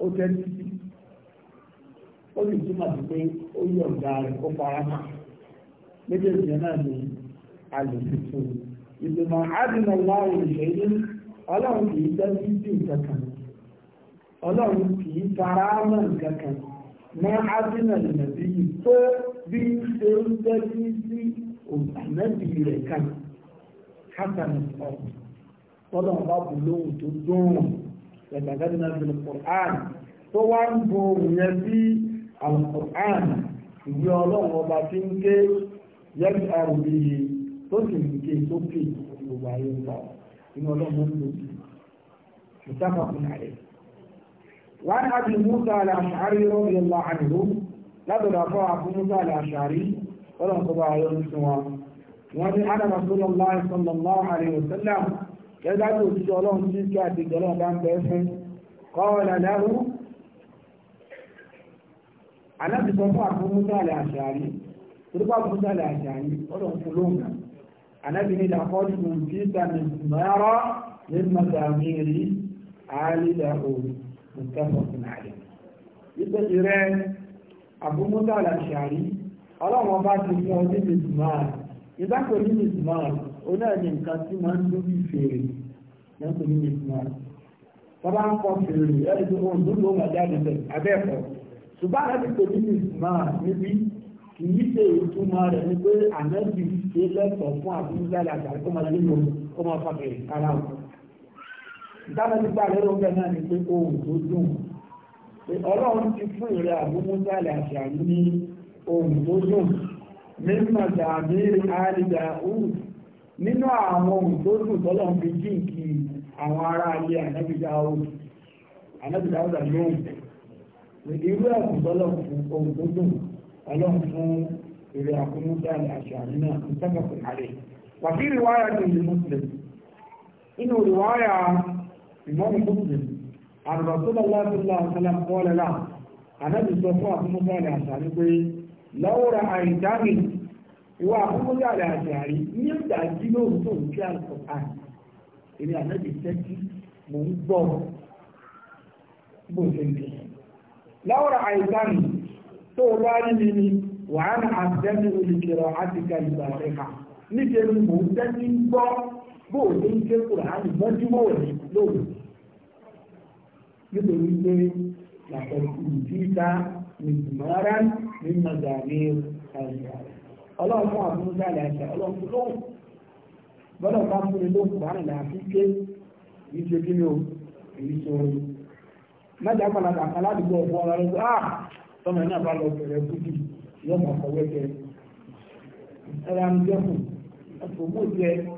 أتنسي ó lè túmọ̀ sí pé ó yọ ọ̀gá rẹ̀ ó fara mọ́ ọlọ́run kì í fara mọ́ nǹkan kan mọ́ ádínà ìnàbí yìí tó bí ṣe ń tẹ́tí sí òtúnẹ́bí rẹ̀ kan hasan ọ̀hún tọ́lọ̀ bá bù lóhùn tó dùn ẹ̀dàgádì náà fi lùkùrán tó wá ń bu ohun yẹn sí àlùkùrán ìwé ọlọ́run ọba tí ń gé yẹ́bí àrùn yìí tó sì ń gé sókè gbogbo ayé ń bọ̀ inú ọlọ́run ń lò sí ìtàkùn àrẹ̀. وعن أبي موسى الأشعري رضي الله عنه لدى رفاع أبو موسى الأشعري ولم قضى يوم السماء وأن أنا رسول الله صلى الله عليه وسلم يدعو الجلون تلك الجلون بان باسم قال له أنا بصفاء أبو موسى الأشعري تلقى أبو موسى الأشعري ولم قلونا أنا بني لقد كنت من مرة من مسامير عالي داود mùtẹ́fọ̀sìn àlẹ́ wípé ìrẹ́ àbúmútà làṣàrí ọlọ́wọ́n bá ti fún ọ ní mìtìmáà ìdákò ní mìtìmáà ó náà ní nǹkan tí máa ń dúbí fèrè náà ní mìtìmáà bàbá ń kọ fèrè ẹni tó ń dúró ló jáde bẹ̀ abẹ́ẹ̀kọ́ ṣùgbọ́n àti ní mìtìmáà ìdánilẹ́sí gbà lérò bẹ́ẹ̀ náà ni ohun tó dùn ọlọ́run ti fún ìrẹ́ àbúmúsàlẹ̀ àṣà ní ohun tó dùn mímọ̀ nínú àwọn ohun tó dùn tọ́lọ̀ fi jíǹkì àwọn ará ayé ànábìdá ànábìdá òun lóhùn ohun tó ọlọ́run ìmọ̀ ní muslim àrùbàtúbà látúlá àtàlà kọ́lẹ̀ náà anábì sọ fún àkúmọ́sọ́ àlẹ́ àṣàrí pé lọ́wọ́ra àìdáàmì ìwà àkúmọ́sọ́ àlẹ́ àṣàrí ní ìgbà tí lóòrù tó ń kí àlùkọ́ àì èmi anábì tẹ́tí mò ń gbọ́ bó ṣe ń bẹ̀. lọ́wọ́ra àìdáàmì tó ni bó o nke ké kùránì mọ́júmọ́ rẹ̀ lóru nítorí ikpe làkọ̀kù títa nìgbìmọ̀rá ní màgàrí àìsà ọlọ́run fún àbúrúdá àìsà ọlọ́run fún lóhùn bọ́lá bá fún mi lóhùn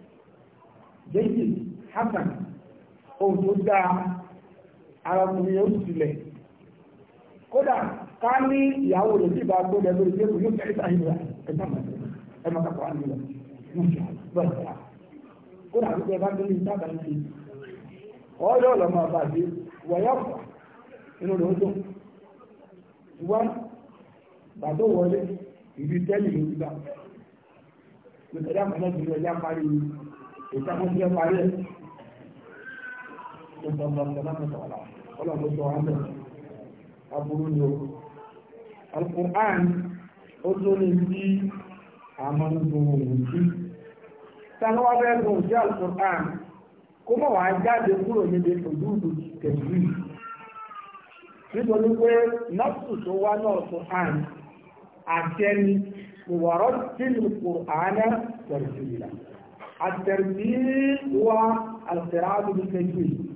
jẹ́jì hasan ohun tó dáa arákùnrin yóò sílẹ̀ kódà ká ní ìyàwó rẹ̀ sí ìbá gbọ́dọ̀ lórí pé kò yóò fẹ́ ìta ìlú ẹ̀ta ẹ̀ma kakọ̀ àmì lọ bẹ́ẹ̀ kódà wípé bá ń gbé ìtàkùnjẹ parí ẹ̀ tó sọ̀rọ̀ sọ̀rọ̀ ọlọ́run sọ àmì aburú ni o alukur'an ó tó lè di àmọ́ gbogbo òkú táwọn wá bẹ́ẹ̀ gbọ́n sí alukur'an kó mọ̀ wá jáde kúrò níbi òdúdú tẹ̀sí nítorí pé nọ́ọ̀sù tó wá náà tó الترتيل هو القراءة بالتجويد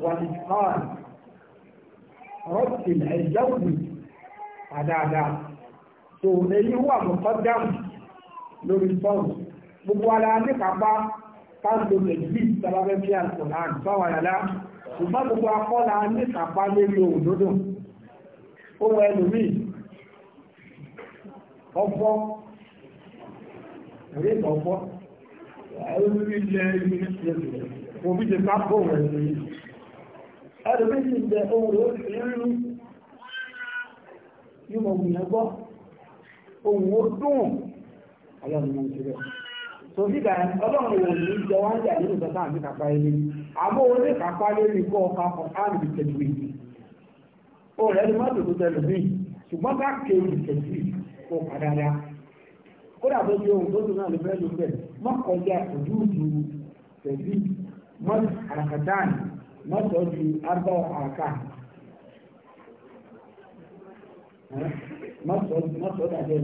والإتقان رتل الجوز هذا هذا so هو wà mọ̀kọ́dám lórí sọ́ọ̀rù gbogbo ara nípapá káàkiri lèjì sábàbẹ́ bí alkùnrin sọ́wọ́ yàrá ṣùgbọ́n gbogbo akọ́lá nípapá lórí òdòdó ohun ẹlòmíì ọ̀fọ́ rí ọ̀fọ́ orílẹ̀ ìrìnlẹ̀ òbí jẹ pápọ̀ rẹ̀ ní ẹ̀rùbí ti jẹ ohun ó ti rírú ní ọgbùn ẹgbọ́ ohun ó dùn ọlọ́run mọ́ ìṣẹ́lẹ̀ tó sígbà ọlọ́run wò ní jẹ wọ́n jẹ́ àdínú tọ́ta àti kàpá ilé àmọ́ orí ọkà kan áàrùn ìtẹ̀lẹ̀ ó rẹ̀ ní mọ́tò tó ṣùgbọ́n ká kéwì kó padà kódà tó di ohun tó dùn náà ló fẹ́ ló fẹ́ mọ́kànlá ojú ju tẹ̀lé mọ́ àràkàtàn mọ́tò ju abọ́ àràkà mọ́tò dàbẹ̀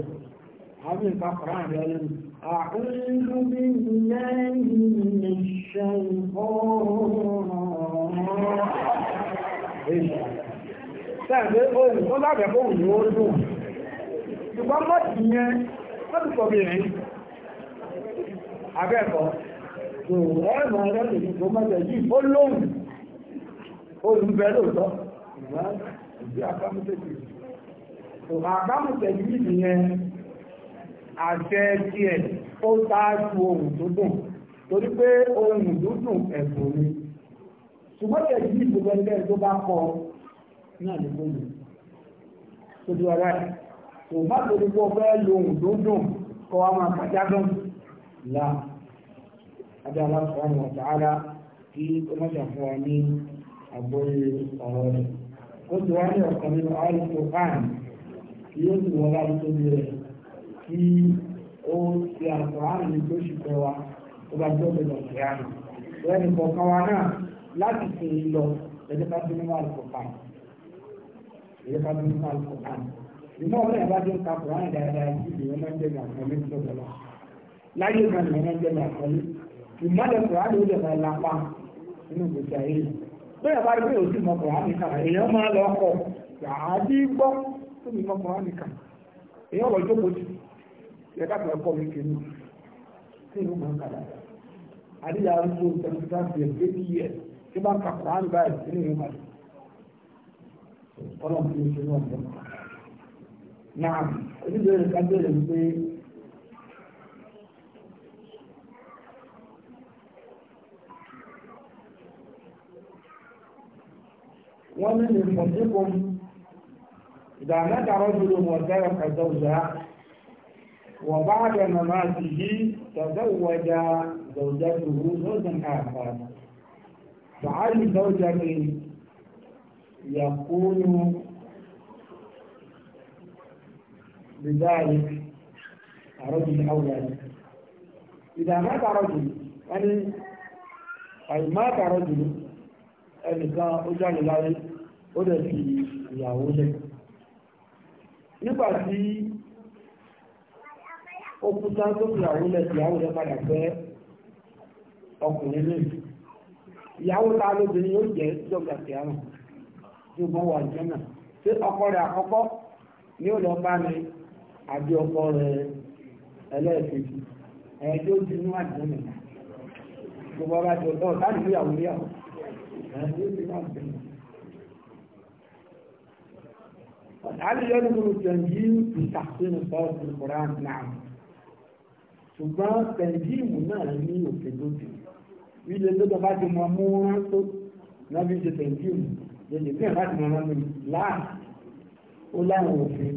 àwọn nǹkan kọ̀ọ̀rọ̀ àrẹ lẹ́nu. أعوذ بالله من الشيطان Sẹ́ẹ̀dé ó ń tó lábẹ̀ fóònù ó dùn. Ṣùgbọ́n mọ́tì yẹn láti sọ bí rí abẹ́ẹ̀kọ́ tó wọ́n mọ̀ ọ̀rẹ́ lè tó mọ́jẹ̀ yìí ó lóhùn olùbẹ́ lóòtọ́ ìgbé àkámútẹ́jì tó àkámútẹ́jì yìí yẹn àṣẹ díẹ̀ ó táájú ohun tó dùn torí pé ohun tó dùn ẹ̀bùn ni ṣùgbọ́n tẹ̀jì yìí gbogbo tó bá kọ náà kò má torí pọ̀ fẹ́ lohun dúndùn kọ́ wa máa kàjádùn là ajá aláṣọ́wọ́n wọn sàárà kí ó má ṣàfún wa ní àgbóyé ọ̀rọ̀ rẹ̀ ó ti wá ní ọ̀kan nínú àìsàn káàmì kí ó sì wọlá ní tóbi rẹ̀ kí ó ti àṣọ àmì tó sì fẹ́ wa tó bá jẹ́ òbí lọ́sẹ̀ àmì lẹ́nu kọ̀ọ̀kan wa náà láti fi lọ ẹ̀jẹ̀ ká tó nínú àìsàn káàmì ẹ̀jẹ̀ ká tó nínú ìmọ̀ ọ̀rẹ́ ẹ̀ bá jẹ́ ń ka kùránì dáadáa yìí ìyẹn máa ń jẹ́ gà àkọlé tó lọ. láyé kan ìyẹn máa ń jẹ́ gà àkọlé ìmọ̀lẹ̀ kùránì ó lè máa lápá nínú gbèsè ayé yìí. bẹ́ẹ̀ bá rí pé òsì mọ kùránì kan èèyàn máa lọ kọ̀ yàádí gbọ́ tó mi mọ kùránì kan èèyàn wọ̀ jókòó sí ẹ̀ dákùrẹ́ kọ́ mi kiri kí ló máa ń kàdà. àdéhà arúgbó tẹ̀síwájú tẹ̀síwájú yẹ tí bá ń ka kùránì báyìí nínú ìmọ̀lẹ̀ ọlọ́run ti ń ṣe ní ọ̀dọ́ نعم ومن يصدقكم اذا مات رجل وترك زوجة وبعد مماته تزوج زوجته زوجا اخر فعلي زوجته يكون بذلك رجل أولاد إذا مات رجل يعني أي مات رجل ẹnìkan ó ma láyé ó dẹ̀ fi ìyàwó lẹ̀ anyị tó fi ìyàwó lẹ̀ ìyàwó lẹ̀ padà fẹ́ ọkùnrin ìyàwó ta lóbìnrin yóò tí ó bọ́ wà jẹ́ náà ṣé ọkọ rẹ̀ àkọ́kọ́ ni ó lọ bá mi àbí ọkọ rẹ̀ ẹlẹ́ẹ̀kejì ẹ̀yẹn tó di inú àdúgbò gbogbo ọba jọ tọ́ láti fi àwọn ìyàwó ẹ̀yẹn tó di inú àdúgbò. هل يدخل التنجيم في تحسين صوت القرآن؟ نعم. ṣùgbọ́n tẹ̀jíìmù náà ní òfin lóde wíjẹ tó dọ̀bá ti mọ mú wọn tó lábí ṣe tẹ̀jíìmù lẹ́yìn tí ìbá ti mọ wọn lóde láà ó láwọn òfin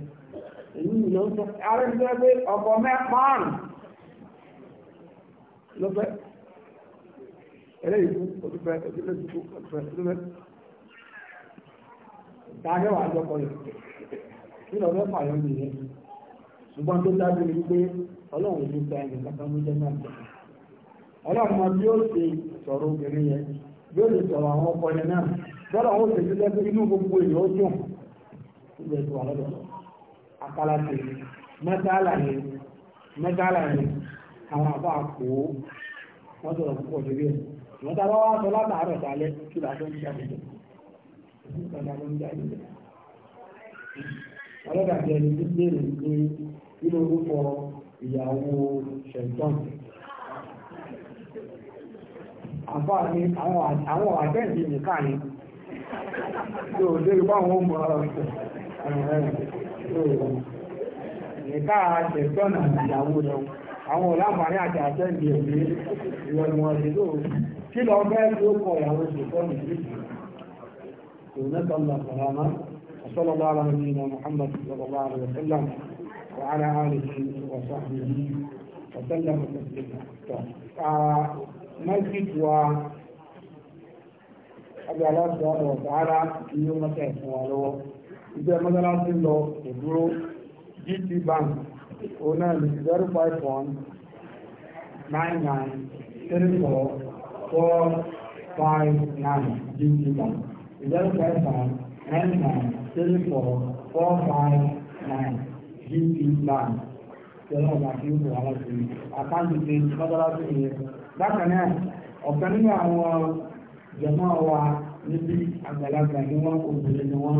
èyí ló ń sọ arẹ́sẹ́ ọkọ̀ mẹ́pàárùn ló fẹ́ eléyìí fún òtúfẹ́ òtúfẹ́ òtúfẹ́ òtúfẹ́ dáadẹ́ wà lọ́kọ̀ yẹn nínú ọ̀fẹ́ pààyàn nìyẹn ṣùgbọ́n tó dájú ni pé ọlọ́run ló gba ẹni kankan ló jẹ́ náà jẹ́ ọlọ́run mọ bí ó ṣe sọ̀rọ̀ obìnrin yẹn bí ó ṣe sọ̀rọ̀ àwọn ọkọ yẹn náà bọ́lá ó ṣe sílẹ̀ pé inú gbogbo èèyàn ó dùn nígbà ètò àlọ́dọ̀ọ́ àpálàtì mẹ́tàlá ni àwọn àbá àpò wọ́n sọ̀rọ̀ púpọ̀ lórí ẹ̀ wọ́n tá wọ́n sọ látàárọ̀ dalẹ́ kí ń pé ìyàwó àwọn nìkan ni tí ò ẹ̀rọ ẹ̀ka àṣẹ̀tọ́nà ìyàwó rẹ̀ àwọn ọ̀làmàrí àti àṣẹ́ǹdì òní ìrọ̀lùmọ̀ ìlú kí lọ bẹ́ẹ̀ tí ó kọ ìyàwó ṣètọ́nà ìlú ونسأل الله السلامة وصلى الله على نبينا محمد صلى الله عليه وسلم وعلى آله وصحبه وسلم تسليما مسجد و أبي الله سبحانه وتعالى يوم تأتي iṣẹ́ mọ́sálásí lọ òdúró GT Bank òun náà ní zero five one nine nine three four four five nine GT Bank zero five one nine nine three four four five nine GT Bank tẹ́lẹ̀ ọ̀gá tí ó bọ̀ aláṣẹ àkáǹtì pé mọ́sálásí yẹn bákan náà ọ̀kan nínú àwọn jẹ̀mọ́ wa níbi àgbàlagbà ni wọ́n obìnrin ni wọ́n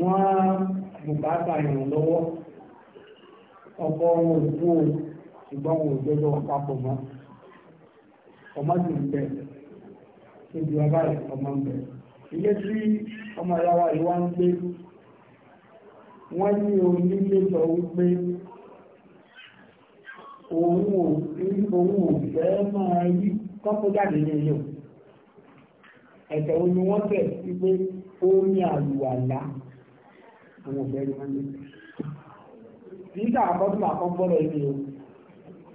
wọ́n bùkátà ìrànlọ́wọ́ ọkọ̀ wọn ò kú o ṣùgbọ́n wọn ò jọjọ papọ̀ mọ́ ọmọ sì ń bẹ níbi ọba rẹ̀ ọmọ ń bẹ ilé tí ọmọ ìyá wa yìí wá ń gbé wọ́n ní onílé sọ wípé òun ò fẹ́ máa rí kọ́pọ̀ jáde ní ilé ẹ̀tọ́ ni wọ́n tẹ̀ wípé ó ní àlùwàlá àwọn òbí ẹni máa Bí ká àkọ́tún àkọ́kọ́ lọ ilé o,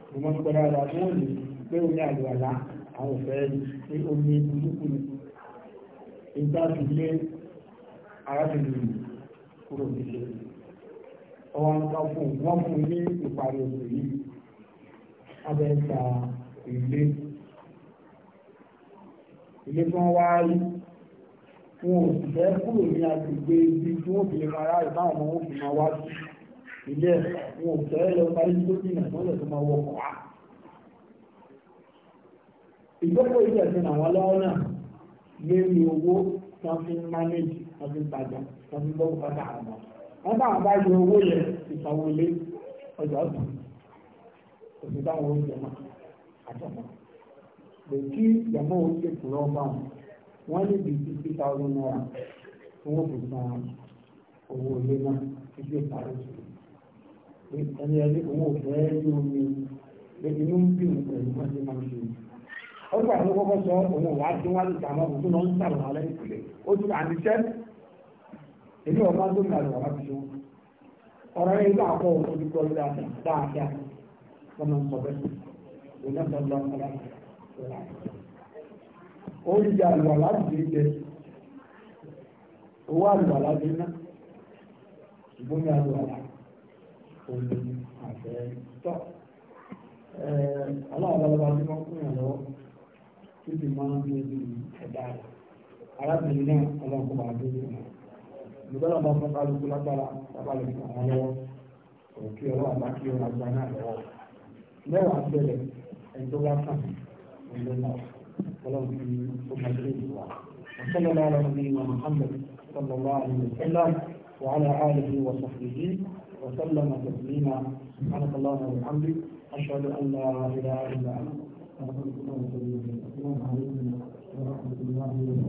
mo máa ń gbọ́ wọ́n lè pé omi àlùwàlá àwọn òfẹ́ ẹni pé omi burúkú Ìgbà ti lé arábìnrin kúrò nílé. Ọwọ́ ń ká fún wọ́n fún ní ìparí oṣù yìí. Abẹ́ gba ilé. Ilé tí wọ́n wá rí wọn ò sì fẹ́ kúrò ní agbègbè ibi tí wọ́n fi máa ráyè táwọn ọmọ wọn fi máa wá sí ilé wọn ò fẹ́ lọ parí tó jìnà mọ́lẹ̀ tó máa wọkọ̀ wá. ìgbọ́pọ̀ ilé ẹ̀sìn àwọn aláwọ̀ náà owó fi ń mánéjì fi ń fi ń wọ́n lè bí fifty thousand naira tí wọ́n fi san owó ilé náà títí ìparí ẹni ẹni òun ò fẹ́ ní omi pé inú ń bí òun pẹ̀lú wọn ṣe máa ń ṣe. ó gbà ló kọ́kọ́ sọ òun wàá tí wọ́n á lè ta àwọn ń sàrò alẹ́ ìpìlẹ̀ ó tún àníṣẹ́ èmi ọ̀gá tó ń gbàdúrà wá fi ṣe wọn. ọ̀rọ̀ yẹn ló àkọ́ òun ojú kọ́ dáadáa dáadáa wọ́n máa ń sọ bẹ́ẹ̀ òun ó rí ya àlùwà láti rí jẹ owó àlùwà láti ná ṣùgbọ́n ní àlùwà láti òní àfẹ́ tọ́ aláàbàlọ́ba tí wọ́n kún yàn lọ́wọ́ tí ti máa ń gbé ní ẹ̀dá rẹ̀ arábìnrin náà ọlọ́kùnrin àdúgbò náà lùbẹ́lá bá fọ́n kálukú lágbára lábàlẹ̀ fún àwọn lọ́wọ́ òkè ọwọ́ àbákí ọ̀rọ̀ àgbà náà lọ́wọ́ mẹ́wàá bẹ̀rẹ̀ ẹ̀ńtọ́ bá kàn ولو في مجرد وصلى الله على نبينا محمد صلى الله عليه وسلم وعلى آله وصحبه وسلم تسليما سبحانك اللهم وبحمدك أشهد أن لا إله إلا أنت أستغفرك وأتوب إليك